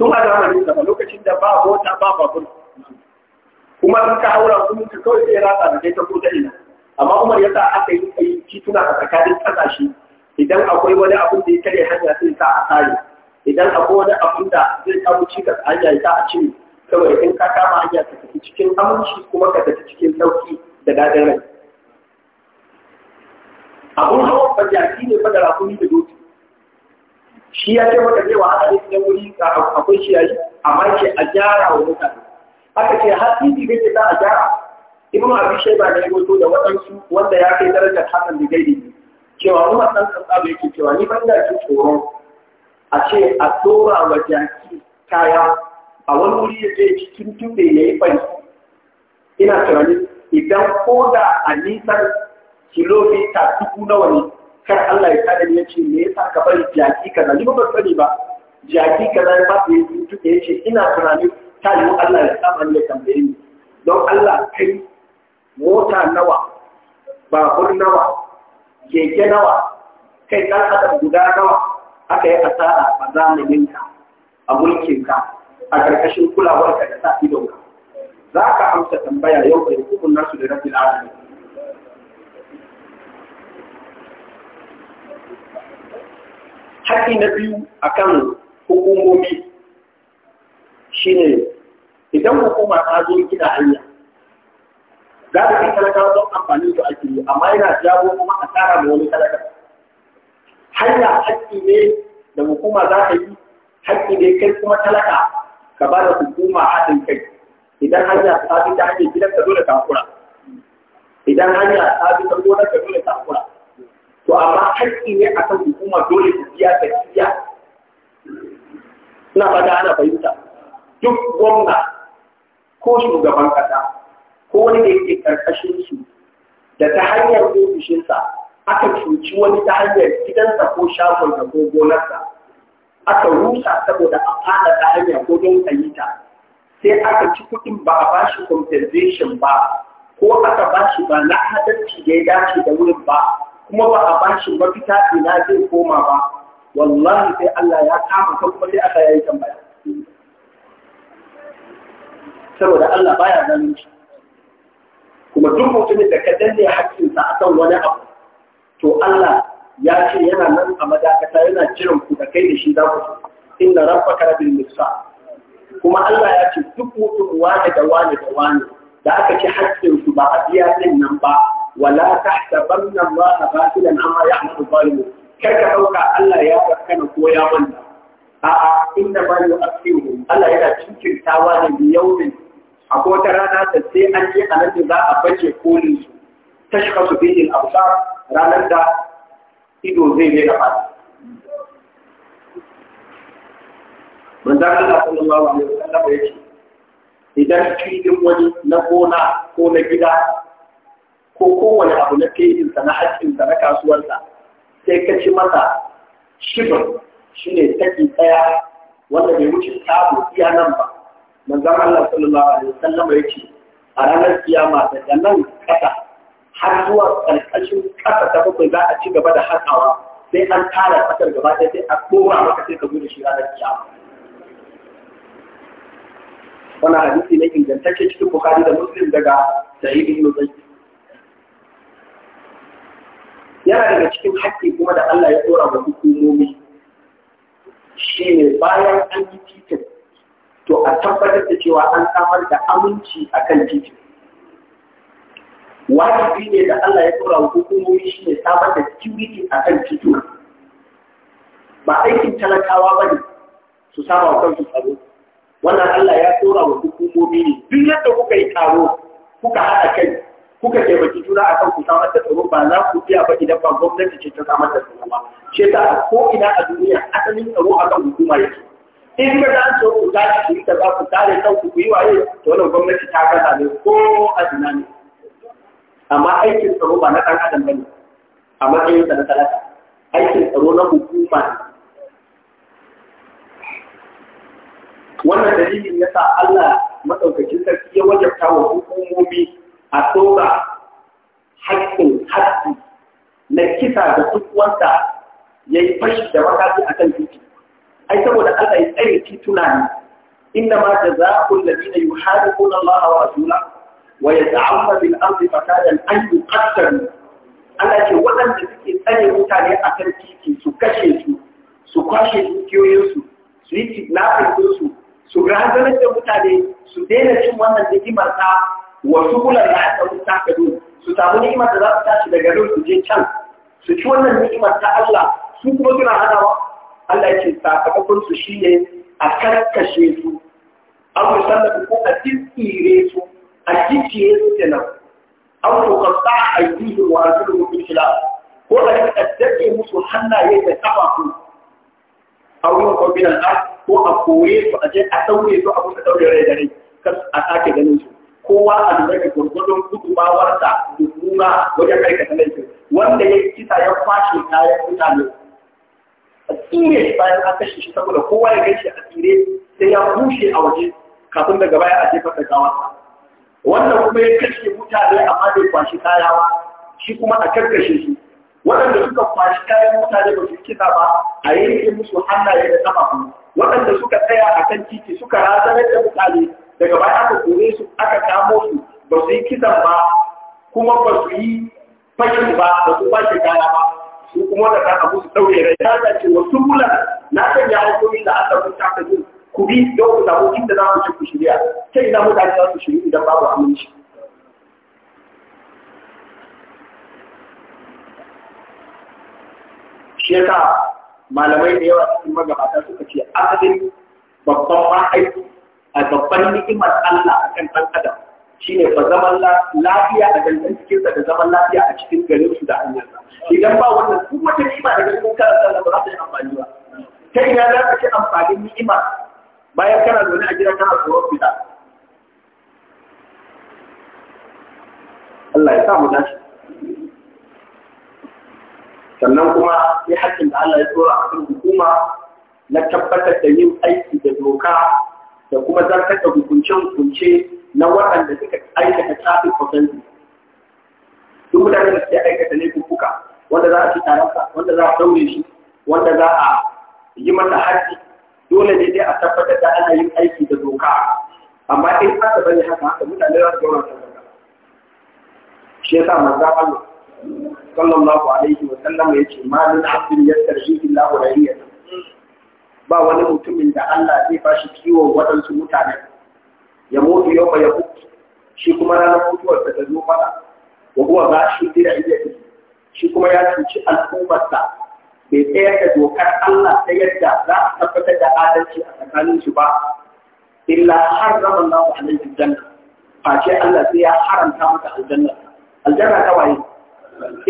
S1: tun a zamanin sa lokacin da ba mota ba babur kuma in ka haura kuma ta kawai sai rasa da ta ko ina amma Umar ya sa aka yi kai tituna a tsakanin kasashe idan akwai wani abun da ya kare hanya sai sa a tsare idan akwai wani abun da zai kawo cikas a ya sa a cire kawai in ka kama hanya ka tafi cikin aminci kuma ka tafi cikin sauki da dadin rai abun hawan fajaki ne fa da rakumi da doki shi ya ce maka wa haka ne wuri akwai shi yayi amma ke a gyara wa mutane aka ce har titi ke za a gyara ibn abi shaiba ne goto da waɗansu wanda ya kai darajar hasan da gaidi cewa umar dan khattab yake cewa ni ban da tsoro a ce a tsora wa jaki kaya a wani wuri ya je cikin tunde ya yi fari ina tunani idan ko da a nisan kilomita dubu nawa ne kar Allah ya kada ya ce me yasa ka bari jaki kaza ni ba ban sani ba jaki kaza ba ya yi tube ya ce ina tunanin ta yi Allah ya saba ne tambayi don Allah kai mota nawa babur nawa keke nawa kai ɗan adam guda nawa aka yi asara a zamanin ka a mulkin ka, a karkashin kulawar ka da sa ka, za ka amsa tambaya yau da hukun nasu da rabin alamin haƙƙi na biyu akan hukumomi shine idan hukuma ta zo gina hanya za ta kai talakawa don amfani da ake yi amma yana jawo kuma a tsara ma wani talaka hanya haƙƙi ne da hukuma za ta yi haƙƙi ne kai kuma talaka ka ba da hukuma haɗin kai idan hanya ta fi ta hanyar gidan ka dole takura idan hanya ta fi ta gonar ka dole takura to amma haƙƙi ne a kan hukuma dole ta biya ta biya ina ta ana fahimta duk gwamna ko shugaban kasa ko wani da yake karkashin su da ta hanyar ofishinsa aka cuci wani ta hanyar gidansa ko shagon da ko gonarsa aka rusa saboda a fada ta hanyar ko don ta sai aka ci kuɗin ba a ba shi compensation ba ko aka ba shi ba na hadarci da ya dace da wurin ba kuma ba a ba shi mafita ina zai koma ba wallahi sai Allah ya kama kan kuma aka yayi tambaya saboda Allah baya shi. kuma duk mutumin da ka danne hakkinsa a kan wani abu to Allah ya ce yana nan a madakata yana jiran ku da kai da shi za ku inna rabbaka rabbil misal kuma Allah ya ce duk mutum wani da wani da wani da aka ci hakkin ba a biya din nan ba wala tahsabanna Allah batilan amma ya'malu zalimu kar ka dauka Allah ya fakkana ko ya manta a'a inna ma yu'akhiruhum Allah yana cikin tawa da yawmin akwai wata rana da sai an yi a nan za a bace kolin su ta kasu su bihin ranar da ido zai rera na kuma ba wani alaihi wasallam ya ce idan filin wani na gona ko na gida ko kowane abu na filinsa na haƙƙinsa na kasuwarsa sai ka ci masa shibir shi ne taki ɗaya wanda bai wuce tabo iya nan ba manzan Allah sallallahu alaihi wasallam ce, a ranar kiyama daga nan kasa har zuwa ƙarƙashin kasa ta bakwai za a ci gaba da hakawa sai an tara kasar gaba ɗaya sai a koma maka sai ka gudu shi ranar kiyama wannan hadisi ne ingantacce cikin Bukhari da Muslim daga Sahih ibn Zayd yana daga cikin haƙƙi kuma da Allah ya tsora wa hukumomi shi ne bayan an yi titin to a tabbatar da cewa an samar da aminci a kan titi wajibi ne da Allah ya tura hukumomi shi ne samar da security a kan titi. ba aikin talakawa ba ne su saba wa kansu tsaro wannan Allah ya tura wa hukumomi ne duk yadda kuka yi taro kuka haɗa kai kuka taimaki juna a kan ku samar da tsaro ba za ku iya ba idan ba gwamnati ce ta samar da tsaro ba Ce ta ko ina a duniya asalin tsaro a kan hukuma yake in ba za su ku tashi ku yi ta ba ku kare kanku ku yi waye to wannan gwamnati ta gaza ne ko a ina ne amma aikin tsaro ba na ɗan adam ba ne a matsayin sa na talaka aikin tsaro na hukuma ne wannan dalilin ya sa Allah maɗaukakin sarki ya wajabta wa hukumomi a tsora haƙƙin haƙƙi na kisa da duk wanda ya yi fashi da wakafi a kan titi ai saboda Allah ya tsare tituna ne inna ma jazaa'ul ladina yuharibuna Allah wa rasulahu wa yata'amma bil ardi fasadan an yuqattalu Allah ce waɗanda suke tsare mutane a kan titi su kashe su su kwashe dukiyoyinsu su yi kidnapping su su razanar da mutane su daina cin wannan ni'imar ta wasu kulan da aka wuta su samu ni'imar da za su tashi daga nan su can su ci wannan ni'imar ta Allah su kuma suna hadawa Allah ya ce sakamakon su shine a karkashe su an musallatu ko a tsire su a gicciye su kenan an tuqatta aydihim wa arjuluhum min khilaf ko a kaddake musu hannaye da kafafu a ko kwabinan a ko a koye su a je a daure su a kusa daure rai da rai kar a sake ganin su kowa a lura da gurgurdun gudumawarsa da kuma wajen aikata laifin wanda ya kisa ya kwashe kayan mutane a tsire bayan a kashe shi saboda kowa ya gaishe a tsire sai ya bushe a waje kafin daga baya a jefar da gawarsa wannan kuma ya kashe mutane a bai kwashi kayawa shi kuma a karkashe shi waɗanda suka kwashi kayan mutane ba su kisa ba a yanke musu hannaye da kafafu waɗanda suka tsaya a kan titi suka razanar da mutane daga baya aka kore su aka kamo su ba su yi kisan ba kuma ba su yi fashin ba ba su kwashe kaya ba su kuma da kan abu su rai ta da ce wasu bulan na kan ya hukumi da aka kun ta kaji ku bi yau ku samu inda za ku ci ku shirya ta ina mutane za su shirya idan babu aminci shi yasa malamai da yawa cikin magabata suka ce asalin babban ma'aiki a babban ni'imar Allah akan ɗan adam Shi ne ba zaman lafiya a cikin da zaman lafiya a cikin garin su da hanyar idan ba wannan duk wata ni'ima da garin karanta da ba za ta yi amfani ba ta ina za ka ci amfanin ni'ima bayan kana zaune a gida kana tsoron fita Allah ya sa mu dace sannan kuma ya haƙƙin da Allah ya tsora a kan hukuma na tabbatar da yin aiki da doka da kuma zartar da hukunce-hukunce na waɗanda suka aikata tafi kwasanci duk mutane da suke aikata kuka, wanda za a ci taronsa wanda za a daure shi wanda za a yi masa haji dole ne dai a tabbatar da ana yin aiki da doka amma in aka bane haka haka mutane za su gaura ta doka shi yasa manzo Allah sallallahu alaihi wa sallam ya ce ma min abdin yastarhi illa hurayya ba wani mutumin da Allah zai bashi kiwon waɗansu mutane ya mutu yau ba ya mutu shi kuma ranar mutuwar ta zo mana wa huwa ba shi da iya shi kuma ya cuci al'ummarsa bai tsayar da dokar Allah ta yadda za a tabbatar da adalci a tsakanin shi ba illa harrama Allahu alaihi janna face Allah sai ya haramta maka aljanna aljanna ta waye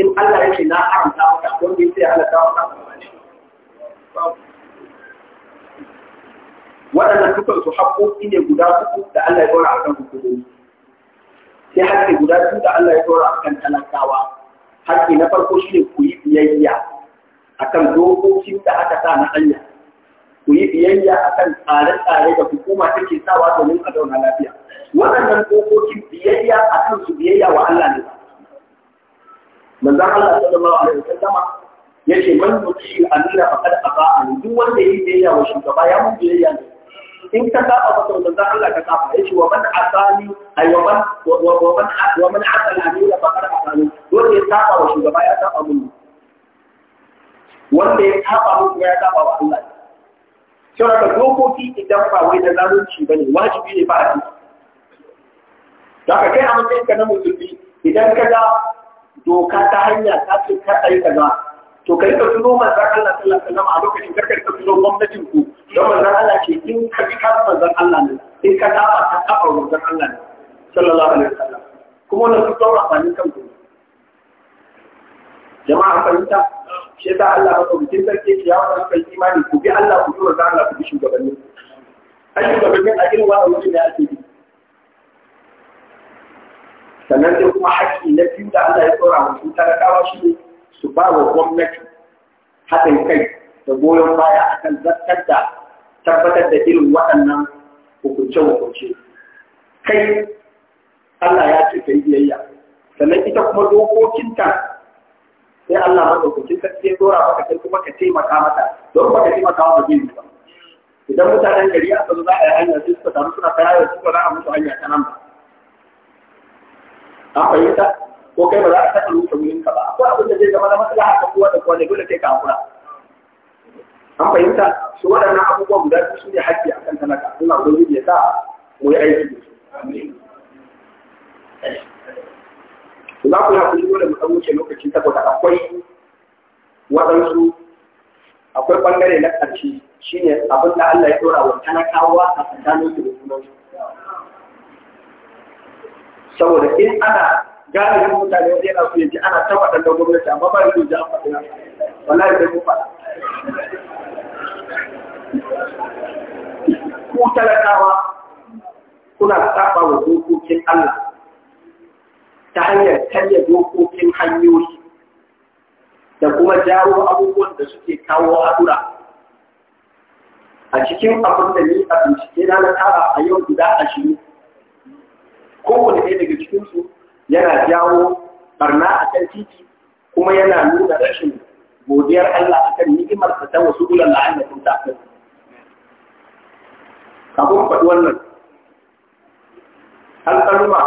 S1: in Allah yake na haramta maka wanda sai ya halatta maka waɗannan dukkan su haƙoƙi ne guda uku da Allah ya a kan hukumomi sai haƙƙi guda biyu da Allah ya dora akan talakawa haƙƙi na farko shi ne ku yi biyayya a kan dokokin da aka sa na hanya ku yi biyayya a kan tsare-tsare da hukuma take sawa domin a zauna lafiya waɗannan dokokin biyayya a kan su biyayya wa Allah ne manzon Allah sallallahu alaihi wasallam yake man mutu amira faqad aba an duk wanda ya yi biyayya wa shugaba ya mun biyayya ne in ka saba masa manzon Allah ka saba yace wa man asani ay wa man wa man wa man asal amira fa qad asani dole ya saba wa shugaba ya saba mun wanda ya saba mun ya saba wa Allah sai ka dokoki idan ba wai da zalunci bane wajibi ne ba a da ka kai a matsayin ka na musulmi idan ka ga doka ta hanya ta ce ka tsaye kaza to kai ka tuno manzan Allah sallallahu alaihi wasallam a lokacin da kai ka tuno gwamnatin ku don manzan Allah ke, in ka bi ka manzan Allah ne in ka saba ka saba manzan Allah ne sallallahu alaihi wasallam kuma wannan su tsawon amfanin kan ku jama'a fahimta shi yasa Allah ba ku bikin sarki ki ya wannan kai imani ku bi Allah ku bi Allah ku bi shugabanni ai shugabannin a irin wannan wuri ne ake bi sannan sai kuma haƙƙi na biyu da Allah ya tsora mu talakawa shi ne su ba wa gwamnati haɗin kai da goyon baya akan zartar da tabbatar da irin waɗannan hukunce-hukunce. Kai Allah ya ce ka yi biyayya, sannan ita kuma dokokinta sai Allah dokokin ka ce dora maka kai kuma ka taimaka mata don baka taimaka wa mutum ba. Idan mutanen gari a tsaro za a yi hanya su suka samu suna kaya da ba za a musu hanya ta nan ba. An fahimta? ko kai ba za ka taɓa rufe wurin ka ba akwai abin da zai zama na maslaha ka kowa da kowa ne dole kai ka hakura an fahimta su waɗannan abubuwa guda biyu su ne haƙƙi a kan talaka suna ko ya sa mu yi aiki da su za ku yi hakuri dole mu ɗan wuce lokaci saboda akwai waɗansu akwai ɓangare na ƙarshe shine abin da Allah ya ɗora wa talakawa a tsakanin su da sunansu saboda in ana yin mutane wani yana so yaji ana ta faɗan da gwamnati amma ba yanzu ji an faɗi na wallahi sai mun faɗa ku talakawa kuna saba wa dokokin Allah ta hanyar karya dokokin hanyoyi da kuma jawo abubuwan da suke kawo haɗura a cikin abin da ni a bincike na na tara a yau guda ashirin wani ɗaya daga cikinsu yana jawo barna a kan titi kuma yana nuna rashin godiyar Allah a kan ni'imar ta ta wasu ulan kuma ta Kafin faɗi wannan, alƙaluma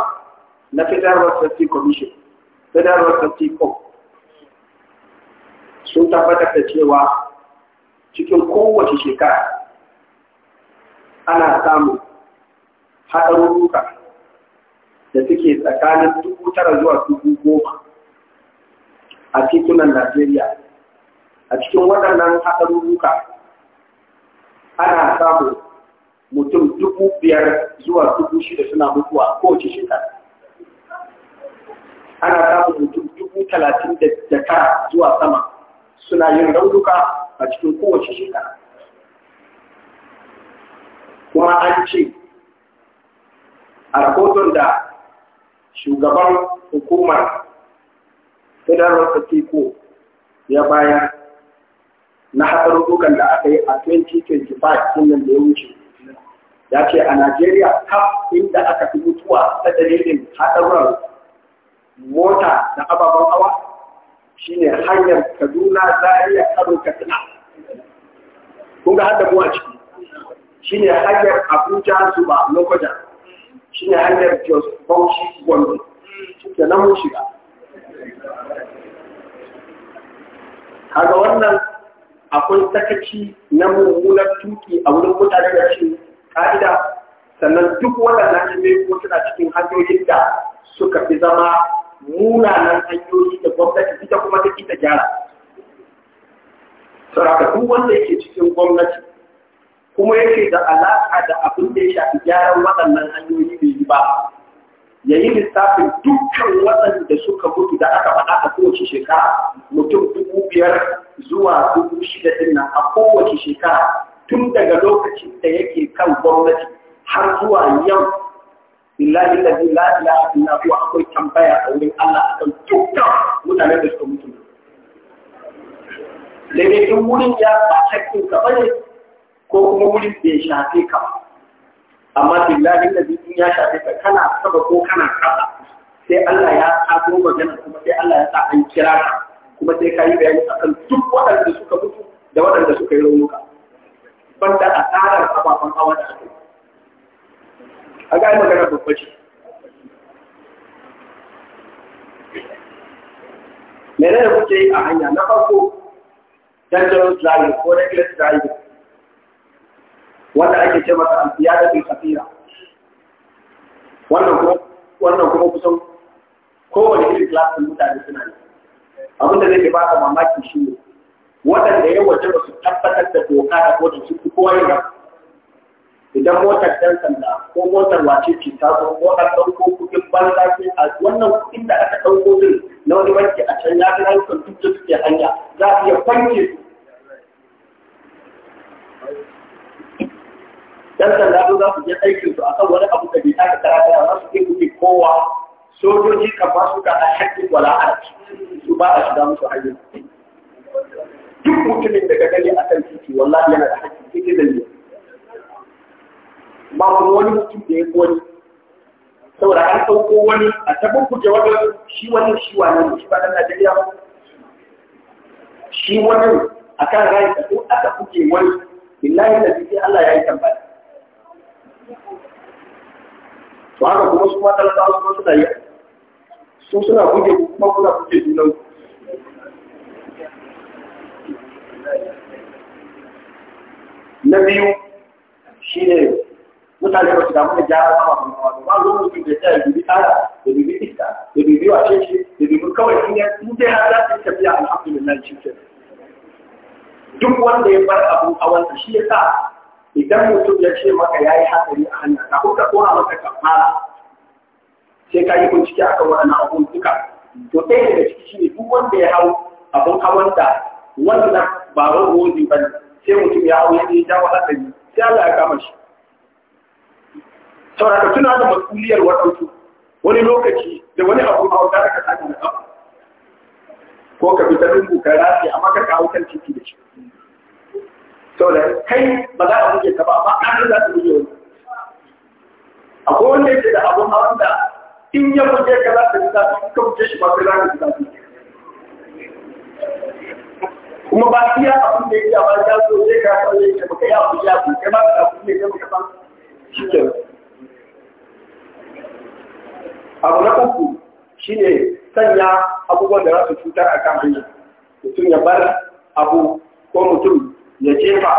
S1: na Federal Safety Commission, Federal Safety Corps, sun tabbatar da cewa cikin kowace shekara ana samun haɗarurruka da suke tsakanin dubu tara zuwa dubu goma a titunan Najeriya. A cikin waɗannan haɗarurruka ana samun mutum dubu biyar zuwa dubu shida suna mutuwa kowace shekara. Ana samun mutum dubu talatin da tara zuwa sama suna yin raunuka a cikin kowace shekara. Kuma an ce, a rahoton da shugaban hukumar federal ko ya bayar na hatsarurrukan da aka yi a 2025 nan da ya wuce ya ce a najeriya kaf inda aka fi mutuwa ta dalilin haɗarurar mota da ababen hawa shine hanyar kaduna zaria kano katsina kun ga hada mu a ciki shine hanyar abuja zuwa lokacin shi ne hanyar jos bauchi gombe suke nan mun shiga kaga wannan akwai sakaci na mummunar tuki a wurin mutane da shi ka'ida sannan duk waɗannan hanyoyi ko suna cikin hanyoyin da suka fi zama munanan hanyoyi da gwamnati ita kuma ta gyara. Sarakatu wanda yake cikin gwamnati kuma yake da alaƙa da abin da ya shafi gyaran waɗannan hanyoyi bai yi ba ya yi lissafin dukkan waɗanda suka mutu da aka faɗa a kowace shekara mutum dubu biyar zuwa dubu shida ɗin nan a kowace shekara tun daga lokacin da yake kan gwamnati har zuwa yau billahi da billahi la ilaha illa akwai tambaya a wurin Allah akan dukkan mutanen da suka mutu. Daidai in wurin ya ba hakkin ka bane ko kuma wurin bai shafe ka amma billahi da in ya shafe ka kana saba ko kana kasa sai Allah ya goma magana kuma sai Allah ya sa an kira ka kuma sai ka yi bayani akan duk waɗanda suka mutu da waɗanda suka yi raunuka banda a tsarar ababen hawa da aka a ga magana babba ce menene kuke yi a hanya na farko dangerous driving ko reckless driving wanda ake ce masa al da kathira safira wannan kuma kusan kowane irin klasin mutane suna ne abin da zai baka mamaki shi ne waɗanda ya waje ba su tabbatar da doka da kodin su ko wani ba idan motar ɗan sanda ko motar wace ce ta zo ko a ɗauko kuɗin banza ce a wannan kuɗin da aka ɗauko zai na wani banki a can ya fi hankali duk da suke hanya za a iya kwanke su dan sanda za su je aikin su akan wani abu da bai taka karata za su ke kuke kowa sojoji ka ba su ka a wala arki su ba a shiga musu hanyar duk mutumin da ka gani a kan titi wallahi yana da hakkin kike da ni ba ku wani mutum da ya wani saboda an sauko wani a tabin kuke wani shi wani shi wani shi ba dan Najeriya shi wani akan rai ko aka kuke wani billahi da Allah ya yi tambaya to haka kuma su ma talakawa kuma suna yi su suna buge kuma kuna buge junan na biyu shi ne mutane ba su damu da gyara sama kuma wato ba zo mutum da tsaya bibi tsara da bibi iska da bibi wace ce da bibi kawai shi ne in dai har za su tafiya alhamdulillah shi ke duk wanda ya bar abun hawan shi ya sa idan mutum ya ce maka ya yi hatsari a hannun ka ko ka kora maka kafara sai ka yi bincike akan waɗannan abun duka to ɗaya daga ciki shine duk wanda ya hau abun hawan da wannan ba rohozi ba sai mutum ya hau ya je ya hatsari sai Allah ya kama shi sauraka tuna da masuliyar waɗansu wani lokaci da wani abu hau da ka sani na ko ka fita rungu ka rafi amma ka kawo kan ciki da shi saboda kai ba za a buge ka ba amma an za su buge wani akwai yake da abun hawan da in ya buge ka za ka ji zafi ka shi ba ka za ka zafi kuma ba iya abin da yake a ba ya zo zai ka kawai yake ba ka yi abu ya bu kai ma ka abu ne ba shi ke abu na uku ne sanya abubuwan da za cutar a kan ya jefa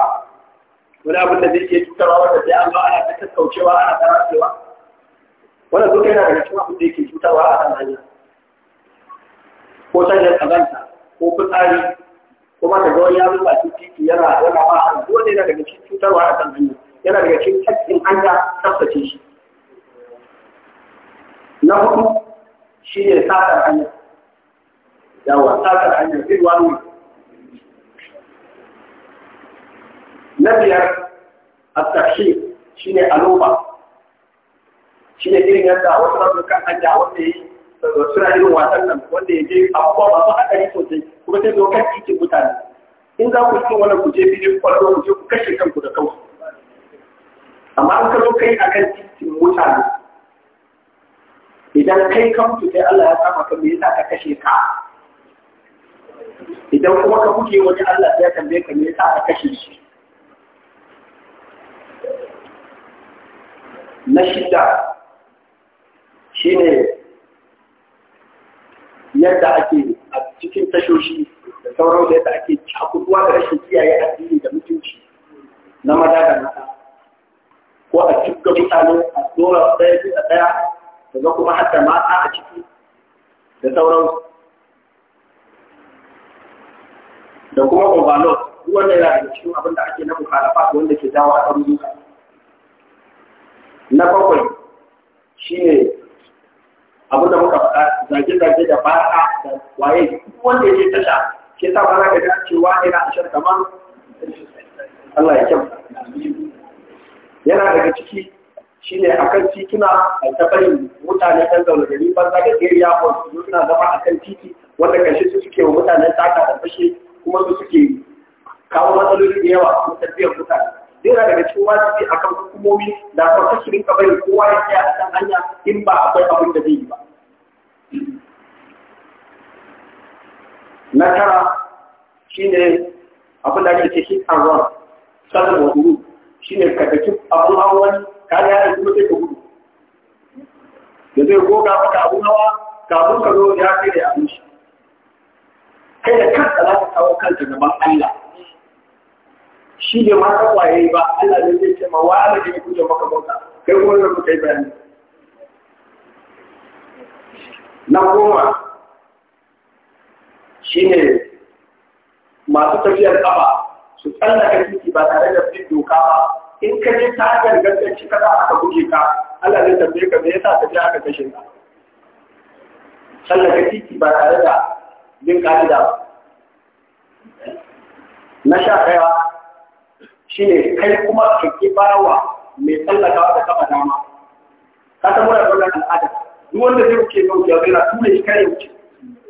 S1: wani abin da zai ke cutarwa wanda sai an ba ana ta kakkaucewa ana ta ratsewa wanda duk yana daga cikin abin da yake cutarwa a kan hanya ko sanya tsaganta ko fitsari kuma ka ga wani ya zuba cikin titi yana yana ba a dole ne daga cikin cutarwa a kan hanya yana daga cikin cikin hanya tsaftace shi na hudu shi ne satar hanya yawa satar hanya zai wani na biyar a ne a shine shi ne irin yadda wasu rasu kan hanya wanda ya eh, suna wa wasan nan wanda ya je abubuwa masu haɗari sosai kuma sai zo kan cikin mutane in za ku cikin wani ku je kwallo ku je ku kashe kanku da kanku amma an kano kai kai akan titin mutane idan kai kan mutu sai Allah ya kama ka me yasa ka kashe ka idan kuma ka buge wani Allah ya tambaye ka me yasa ka kashe shi na shida ne yadda ake a cikin tashoshi da sauran da yadda ake cakuduwa da rashin kiyaye addini da mutunci na maza na mata ko a cikin mutane a dora ɗaya bisa ɗaya daga kuma hadda mata a ciki da sauransu da kuma overload duk wanda yana da cikin abin da ake na mukhalafa wanda ke jawo a ɗaruruka na bakwai shi abin da muka faɗa zage-zage da ba'a da waye wanda ya ce tasha ke sa ba za ka ga cewa ina ashar kamar Allah ya kyau yana daga ciki shi shine akan tituna a tabarin mutane kan zaune gari banza da area boys su suna zama akan titi wanda kashi su suke wa mutane taka da fashe kuma su suke kawo matsaloli da yawa a tafiyar mutane zai na daga cikin wajibi a kan hukumomi da kuma su rinka bari kowa ya tsaya a kan hanya in ba akwai abin da zai yi ba. Na tara shi ne abin da ake ce shi an run, sanin wa shi ne ka daki abin hawan kariya da kuma sai ka gudu. Da zai goga maka abin hawa kafin ka zo ya kai da abin shi. Kai da kanka za ka kawo kanka gaban Allah shi ne ma ta kwaye ba Allah ne zai ce ma wa da ke kuje maka bauta kai kuma da kuka yi bayani na goma shi ne masu tafiyar kafa su tsallaka titi ba tare da bin doka ba in ka je ta ganganci kaza aka buge ka Allah zai tambaye ka me yasa tafiya aka kashe ka tsallaka titi ba tare da bin ka'ida ba na sha kaiwa shi ne kai kuma ka bawa mai tsallaka da kafa dama ka san muna da wannan al'ada duk wanda zai wuce ga wuce yana tule shi kare wuce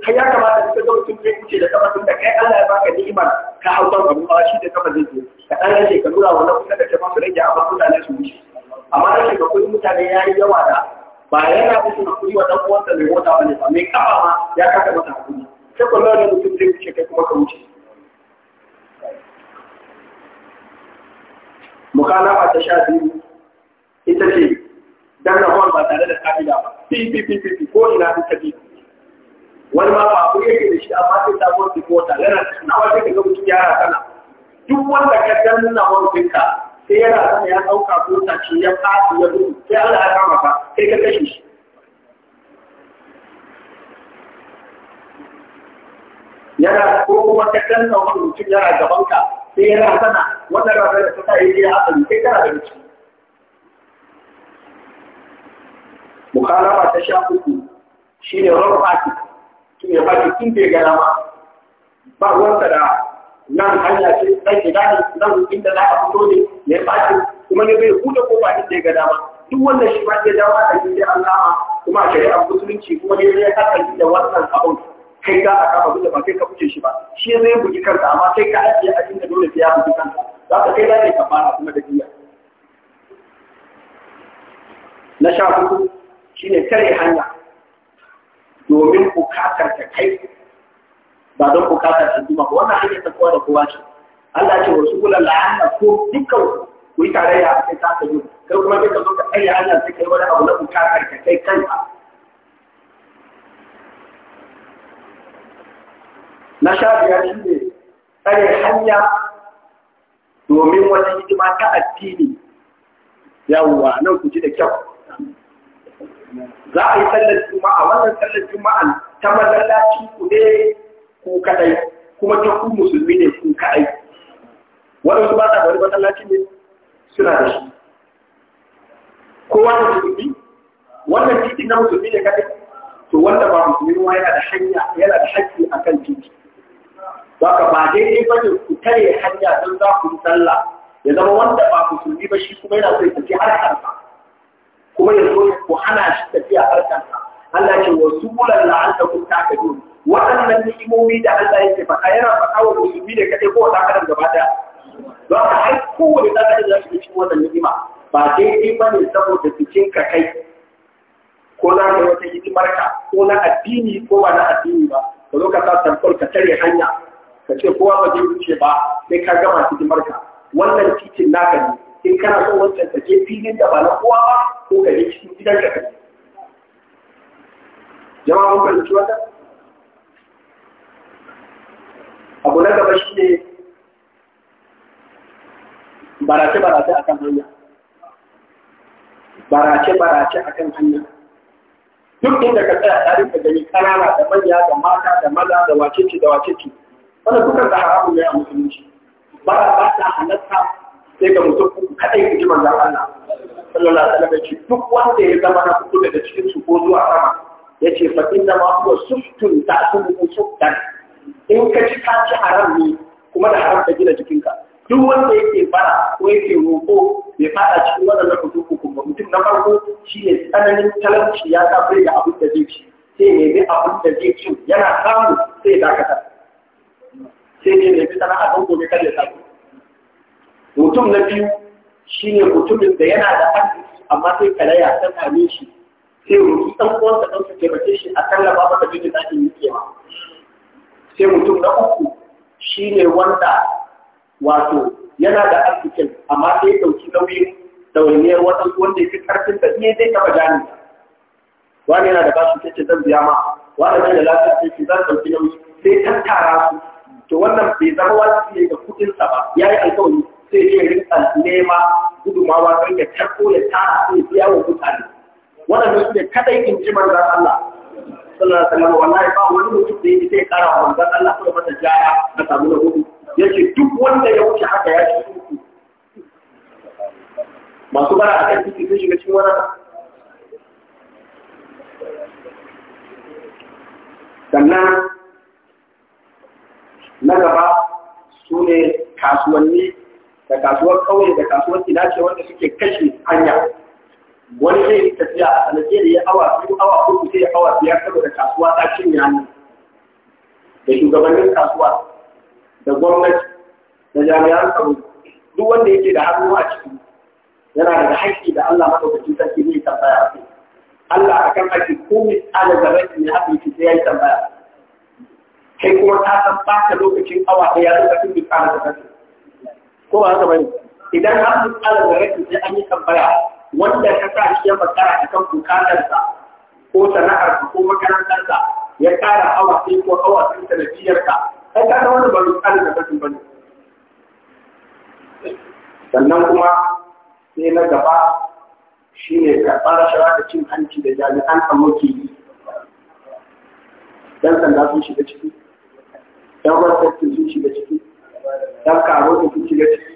S1: kai ya kamata ka ga mutum zai wuce da kafa tun da kai Allah ya baka ni'imar ka hau kan abu shi da kafa zai je ka dan rage ka nuna wannan kusa da kafa su rage abin mutane su wuce amma rage ga kuɗin mutane ya yi yawa da ba yana musu na kuɗi wa ɗan uwansa mai mota ba ne ba mai kafa ma ya kaka masa hakuri sai kwallon da mutum zai wuce kai kuma ka wuce mukalafa ta sha biyu ita ce dan rahon ba tare da ka'ida ba fi fi fi fi ko ina duk ta biyu? wani ma ba ku ke da shi amma sai ta ko ki kota yana na wata daga mutum yara sana. duk wanda ka danna wankinka sai yana sana ya ɗauka kota ce ya fadi ya gudu sai Allah ya kama ka sai ka kashe shi yana ko kuma ka danna wani mutum yana gaban ka sai ya razana wannan razana da ta yi ya asali kai kana da ciki mukhalaba ta sha shi ne rabu haki tun ya baki tun bai gana ma ba ruwansa da nan hanya ce ɗan gida ne nan inda za a fito ne ya baki kuma ne bai buɗe ko inda ya gana ma duk wannan shi ba ke dawo a kan Allah kuma a shari'ar musulunci kuma ne ya kasance da wannan abun kai za a kama da ba kai ka buge shi ba shi zai bugi kansa amma kai ka ajiye a inda dole sai ya bugi kansa za ka kai zai ka yi kuma da biya na sha hudu ne tare hanya domin bukatar ta kai ba don bukatar ta zuma ba wannan hanyar ta kowa da kowa ce Allah ce wasu kula la'ana ko dukkan ku yi tarayya a kai ta ta kai kuma ka zo ka tsaya hanyar sai kai wani abu na bukatar ta kai kanka na sha biyar shi ne tsare hanya domin wani hidima ta addini yawwa nan ku ji da kyau za a yi tsallar juma'a wannan tsallar juma'a ta masallaci ku ne ku kadai kuma ta ku musulmi ne ku kadai waɗansu ba ta da wani masallaci ne suna da shi Ko wani musulmi wannan titi na musulmi ne kadai to wanda ba musulmi ma yana da hanya yana da a kan titi Baka ba daidai ba ne ku tare hanya don za ku yi sallah ya zama wanda ba ku sulmi ba shi kuma yana so ya tafi har kansa kuma ya zo ku hana shi tafiya har kansa Allah ce wa sulan la'allakum taqilun waɗannan ni'imomi da Allah yake faɗa yana faɗa wa musulmi da kaɗai ko ɗan adam gaba ɗaya ka har kowane ɗan adam za shi cikin wannan ni'ima ba daidai ba ne saboda cikin ka kai ko na ka wata hidimarka ko na addini ko ba na addini ba ka zo ka sa tamkar ka tare hanya ka ce kowa ba zai wuce ba sai ka gama cikin marka wannan titin naka ne in kana so wancan ka je filin da ba na kowa ba ko ka je cikin gidan ka ka jama'a mun fahimci wannan abu na gaba shi ne barace-barace akan hanya barace-barace akan hanya duk inda ka tsaya tare da gani kanana da manya da mata da maza da wacece da wacece wanda dukkan da haramun ne a musulunci ba a ba ta halatta sai ga mutum uku kadai ku ji manzon Allah sallallahu alaihi duk wanda ya zama na kudu daga cikin su ko zuwa sama yace fa inna ma huwa suftun ta'tumu suftan in ka ci ka ci haram ne kuma da haram ka gina jikinka duk wanda yake bara ko yake roƙo bai faɗa cikin wannan hudu uku ba mutum na farko shine tsananin talauci ya sa bai da abin da zai ci sai ne abin da zai ci yana samu sai dakatar. sai ne mai sana'a don gobe kada ya samu mutum na biyu shine mutumin da yana da arziki amma sai karaya ta same shi sai roƙi ɗan uwansa don su taimake shi a tallafa maka jini da ake yi kewa sai mutum na uku shine wanda wato yana da arzikin amma sai ya ɗauki nauyin ɗawainiyar waɗansu wanda ya fi ƙarfin da iya zai taɓa gani wani yana da basu sai ce zan biya ma wani yana da lafiya sai ce zan ɗauki nauyi sai tattara su to wannan bai zama wajibi ne ga kudin sa ba yi alƙawari sai ya rinka nema gudumawa kan ya tarko ya tara sai ya biya wa mutane wannan su ne kadai in ji manzon Allah sallallahu alaihi wasallam wallahi ba wani mutum da yake sai kara manzon Allah ko mata jaya na samu na hudu yace duk wanda ya wuce haka ya shi masu bara a kan titi sun shiga cikin wani sannan na gaba su ne kasuwanni da kasuwar kauye da kasuwar gidace wanda suke kashe hanya wani zai yi tafiya a sanake da ya awa biyu awa uku sai ya awa biyar saboda kasuwa ta cinye hannu da shugabannin kasuwa da gwamnati da jami'an tsaro duk wanda yake da hannu a ciki yana daga haƙƙi da Allah madaukakin sarki ya tambaya a kai Allah akan haƙƙi ko misali da rai ne haƙƙi sai ya yi tambaya kai kuma ta san ta lokacin awa ɗaya lokacin da tsara da kake ko ba haka bane idan har mun tsara da rashin sai an yi tambaya wanda ka sa shi ya kan akan bukatarsa ko sana'arsa ko makarantarsa ya ƙara awa sai ko awa sai ka, kai ka ga wannan ba mu tsara da kake bane sannan kuma sai na gaba shi ne karɓar shara da cin hanci da jami'an amurki ke yi. Dan sanda sun shiga ciki. dan wasu sun shiga ciki dan karo sun shiga ciki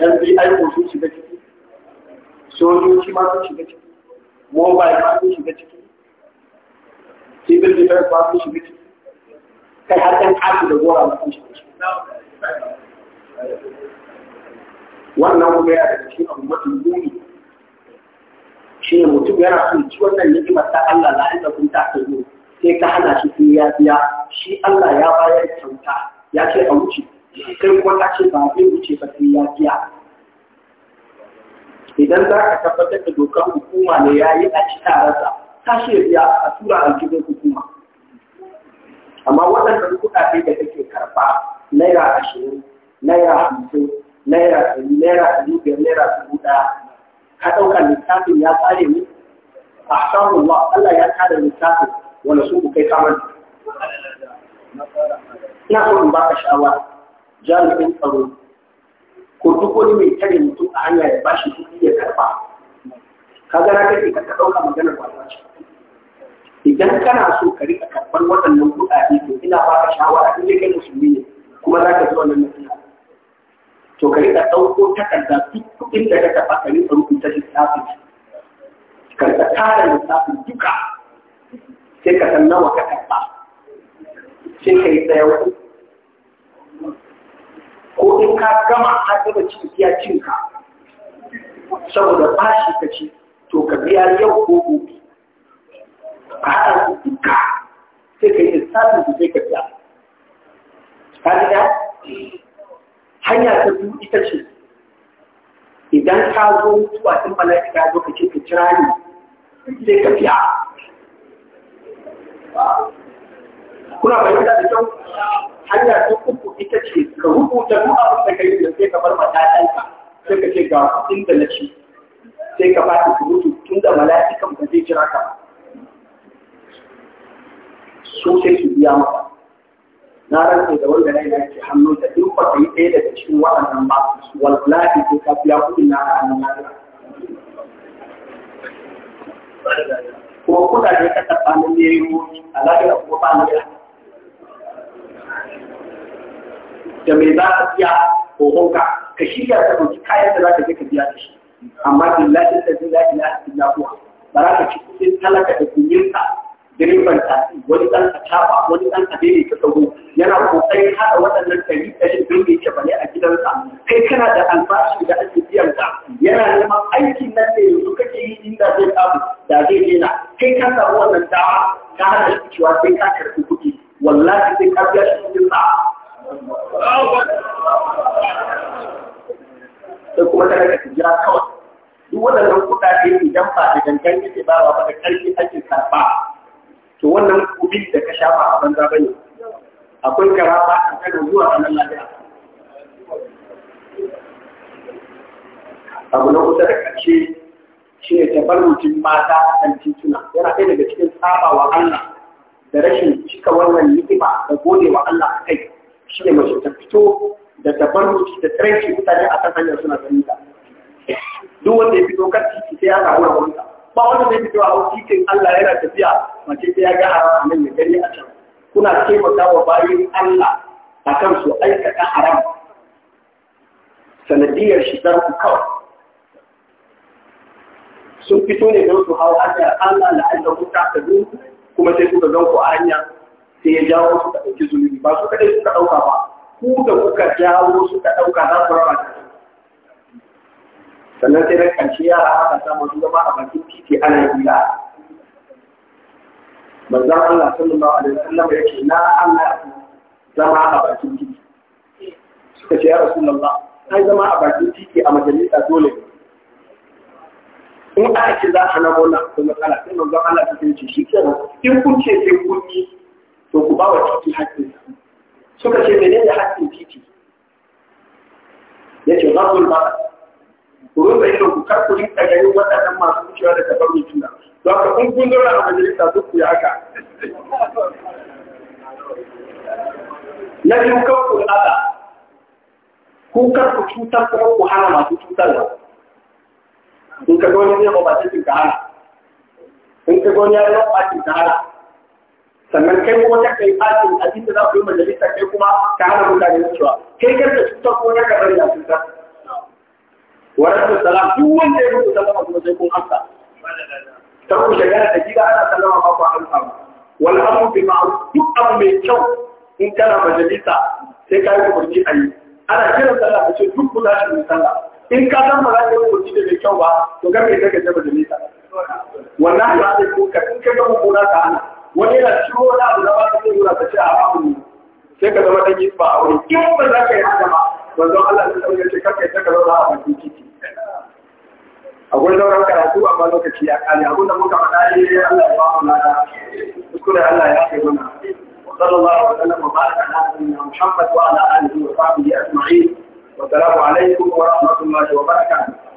S1: dan bi aiko sun shiga ciki sojoji ma sun shiga ciki mobile sun shiga ciki civil defense ma sun shiga ciki
S2: kai har ɗan ƙashi da
S1: gora sun shiga ciki wannan kuma yana da cikin abu mafi muni shi ne mutum yana son ci wannan ni'imar ta Allah la'ayyar kun ta kai sai ka hana shi sai ya biya shi Allah ya bayar kyauta ya ce a wuce Sai kuma ka ce ba zai wuce ba sai ya biya idan za ka tabbatar da dokar hukuma ne ya yi a cikararsa ta shi biya a tura a cikin hukuma amma waɗannan kuɗaɗe da kake karɓa naira ashirin naira hamsin naira ɗari naira ɗari biyar naira dubu ɗaya ka ɗauka littafin ya tsare ne a samun Allah ya tsare littafin wani su kai kamar ina so in ka sha'awa jami'in tsaro ko duk wani mai tare mutum a hanya ya bashi kuɗi ya karba ka ga na kake ka ɗauka maganar ta ce idan kana so ka rika karɓar waɗannan kuɗaɗe to ina baka shawara in dai kai musulmi ne kuma za ka ji wannan nasiha to ka rika ɗauko takarda duk kuɗin da ka taɓa ka rika rubuta littafin ka rika tara littafin duka sai ka san nawa ka karɓa sai ka yi tsaya wani ko in ka gama a gaba cin iya cinka saboda bashi ka ci to ka biya yau ko gobe ka haɗa su duka sai ka yi lissafin su sai ka biya ka gida hanya ta biyu ita ce idan ka zo mutuwa ɗin mala'ika zo ka ce ka jira ni sai ka biya kuna fahimta da kyau hanya ta uku ita ce ka rubuta duk abin da ka yi da sai ka bar matakanka sai ka ce ga kuɗin da na ci sai ka ba su rubutu tun da mala'ikan ba zai jira ka su sai su biya maka na rantsa da wanda rai yake hannun da in ba yi ɗaya daga cikin waɗannan ba wallahi sai ka biya kuɗin na hannun na ko kudaje ka tafa na miliyoyi a lahira kuma ba na da me za ka biya ko hohonka ka shirya ka ɗauki kayan da za ka je ka biya da shi amma billahi da zai la ilaha illa huwa ba za ka ci kuɗin talaka da kunyinsa direban tafi wani ɗan a wani ɗan a daidai ta tsaro yana kokarin haɗa waɗannan ɗari ɗari don da yake bane a gidansa kai kana da albashi da ake biyan ka yana neman aikin nan ne yanzu kake yi inda zai samu da zai daina kai ka samu wannan dama ka hana shi cewa sai ka karɓi kuɗi wallahi sai ka biya shi kuɗin sa. Sai kuma ta daga jira kawai duk waɗannan kuɗaɗe idan ba da gangan ba ba da ƙarfi ake karɓa to wannan kubi da ka shafa a banza bane akwai karama a kan zuwa nan lafiya abu na kusa da ƙarshe shi ne tabarrucin mata a kan tituna yana ɗaya daga cikin tsaba wa Allah da rashin cika wannan ni'ima da gode wa Allah a kai shi ne mace ta fito da tabarruci da taranci mutane a kan hanyar suna ganin ta duk wanda ya fito kan titi sai ya samu wanka. ba wani zai fito a hauki kin Allah yana tafiya mace ta ya ga haram a nan ya gani a can kuna taimaka wa bayan Allah a kan su aikata haram sanadiyar shigar ku kawai sun fito ne don su hau hanyar Allah aika ku ta tabi kuma sai kuka zan ku a hanya sai ya jawo su ka ɗauki zunubi ba su kaɗai suka ɗauka ba ku da kuka jawo su ka ɗauka za su raba sannan sai na ƙarshe yara aka samu su zama a bakin titi ana hira manzan Allah sallallahu alaihi wasallam ya ce na Allah zama a bakin titi suka ce ya rasulullah ai zama a bakin titi a majalisa dole in aka ce za a hana gona ko matsala sai manzan Allah ta ce shi kenan in kun ce sai kun yi to ku ba wa titi hakkin suka ce menene hakkin titi Ya yace rabbul ba ku rufe ido ku kar ku rinka ganin waɗannan masu wucewa da tabarun juna don ka kun kun zauna a majalisa duk ku yi haka na biyu kan ku ada ku kar ku cutar kuma ku hana masu cutarwa in ka gani zai mabacin ka hana in ka gani ya yi mabacin ka hana sannan kai kuma ta kai fatin abin da za ku yi majalisa kai kuma ka hana mutane wucewa kai kar ka cutar kuma ka bari a cutar ورد السلام هو اللي يقول ana الله يكون أمسى تقول شجاعة تجيب أنا duk abu mai kyau in يؤمر بالشوق إن كان مجلسا سيكاي كبرتي أي أنا كلا سلام بشيء duk kula shi sallah in ka san ba za ka da mai kyau ba to ga me kake jaba wannan ba sai ko ka in ka ga hukuna ka ana wani yana ciro wani abu da ba ka yi ka ce a babu ne sai ka zama dan yi ba aure in ba za ka yi haka ba manzon Allah ta sauya ce kakka ta kaza za a bakin titi akwai sauran karatu amma lokaci ya kare abin da muka faɗa ne Allah ya ba mu lada kuskure Allah ya kai mana وصلى الله وسلم wa على نبينا محمد وعلى اله وصحبه اجمعين والسلام عليكم ورحمه الله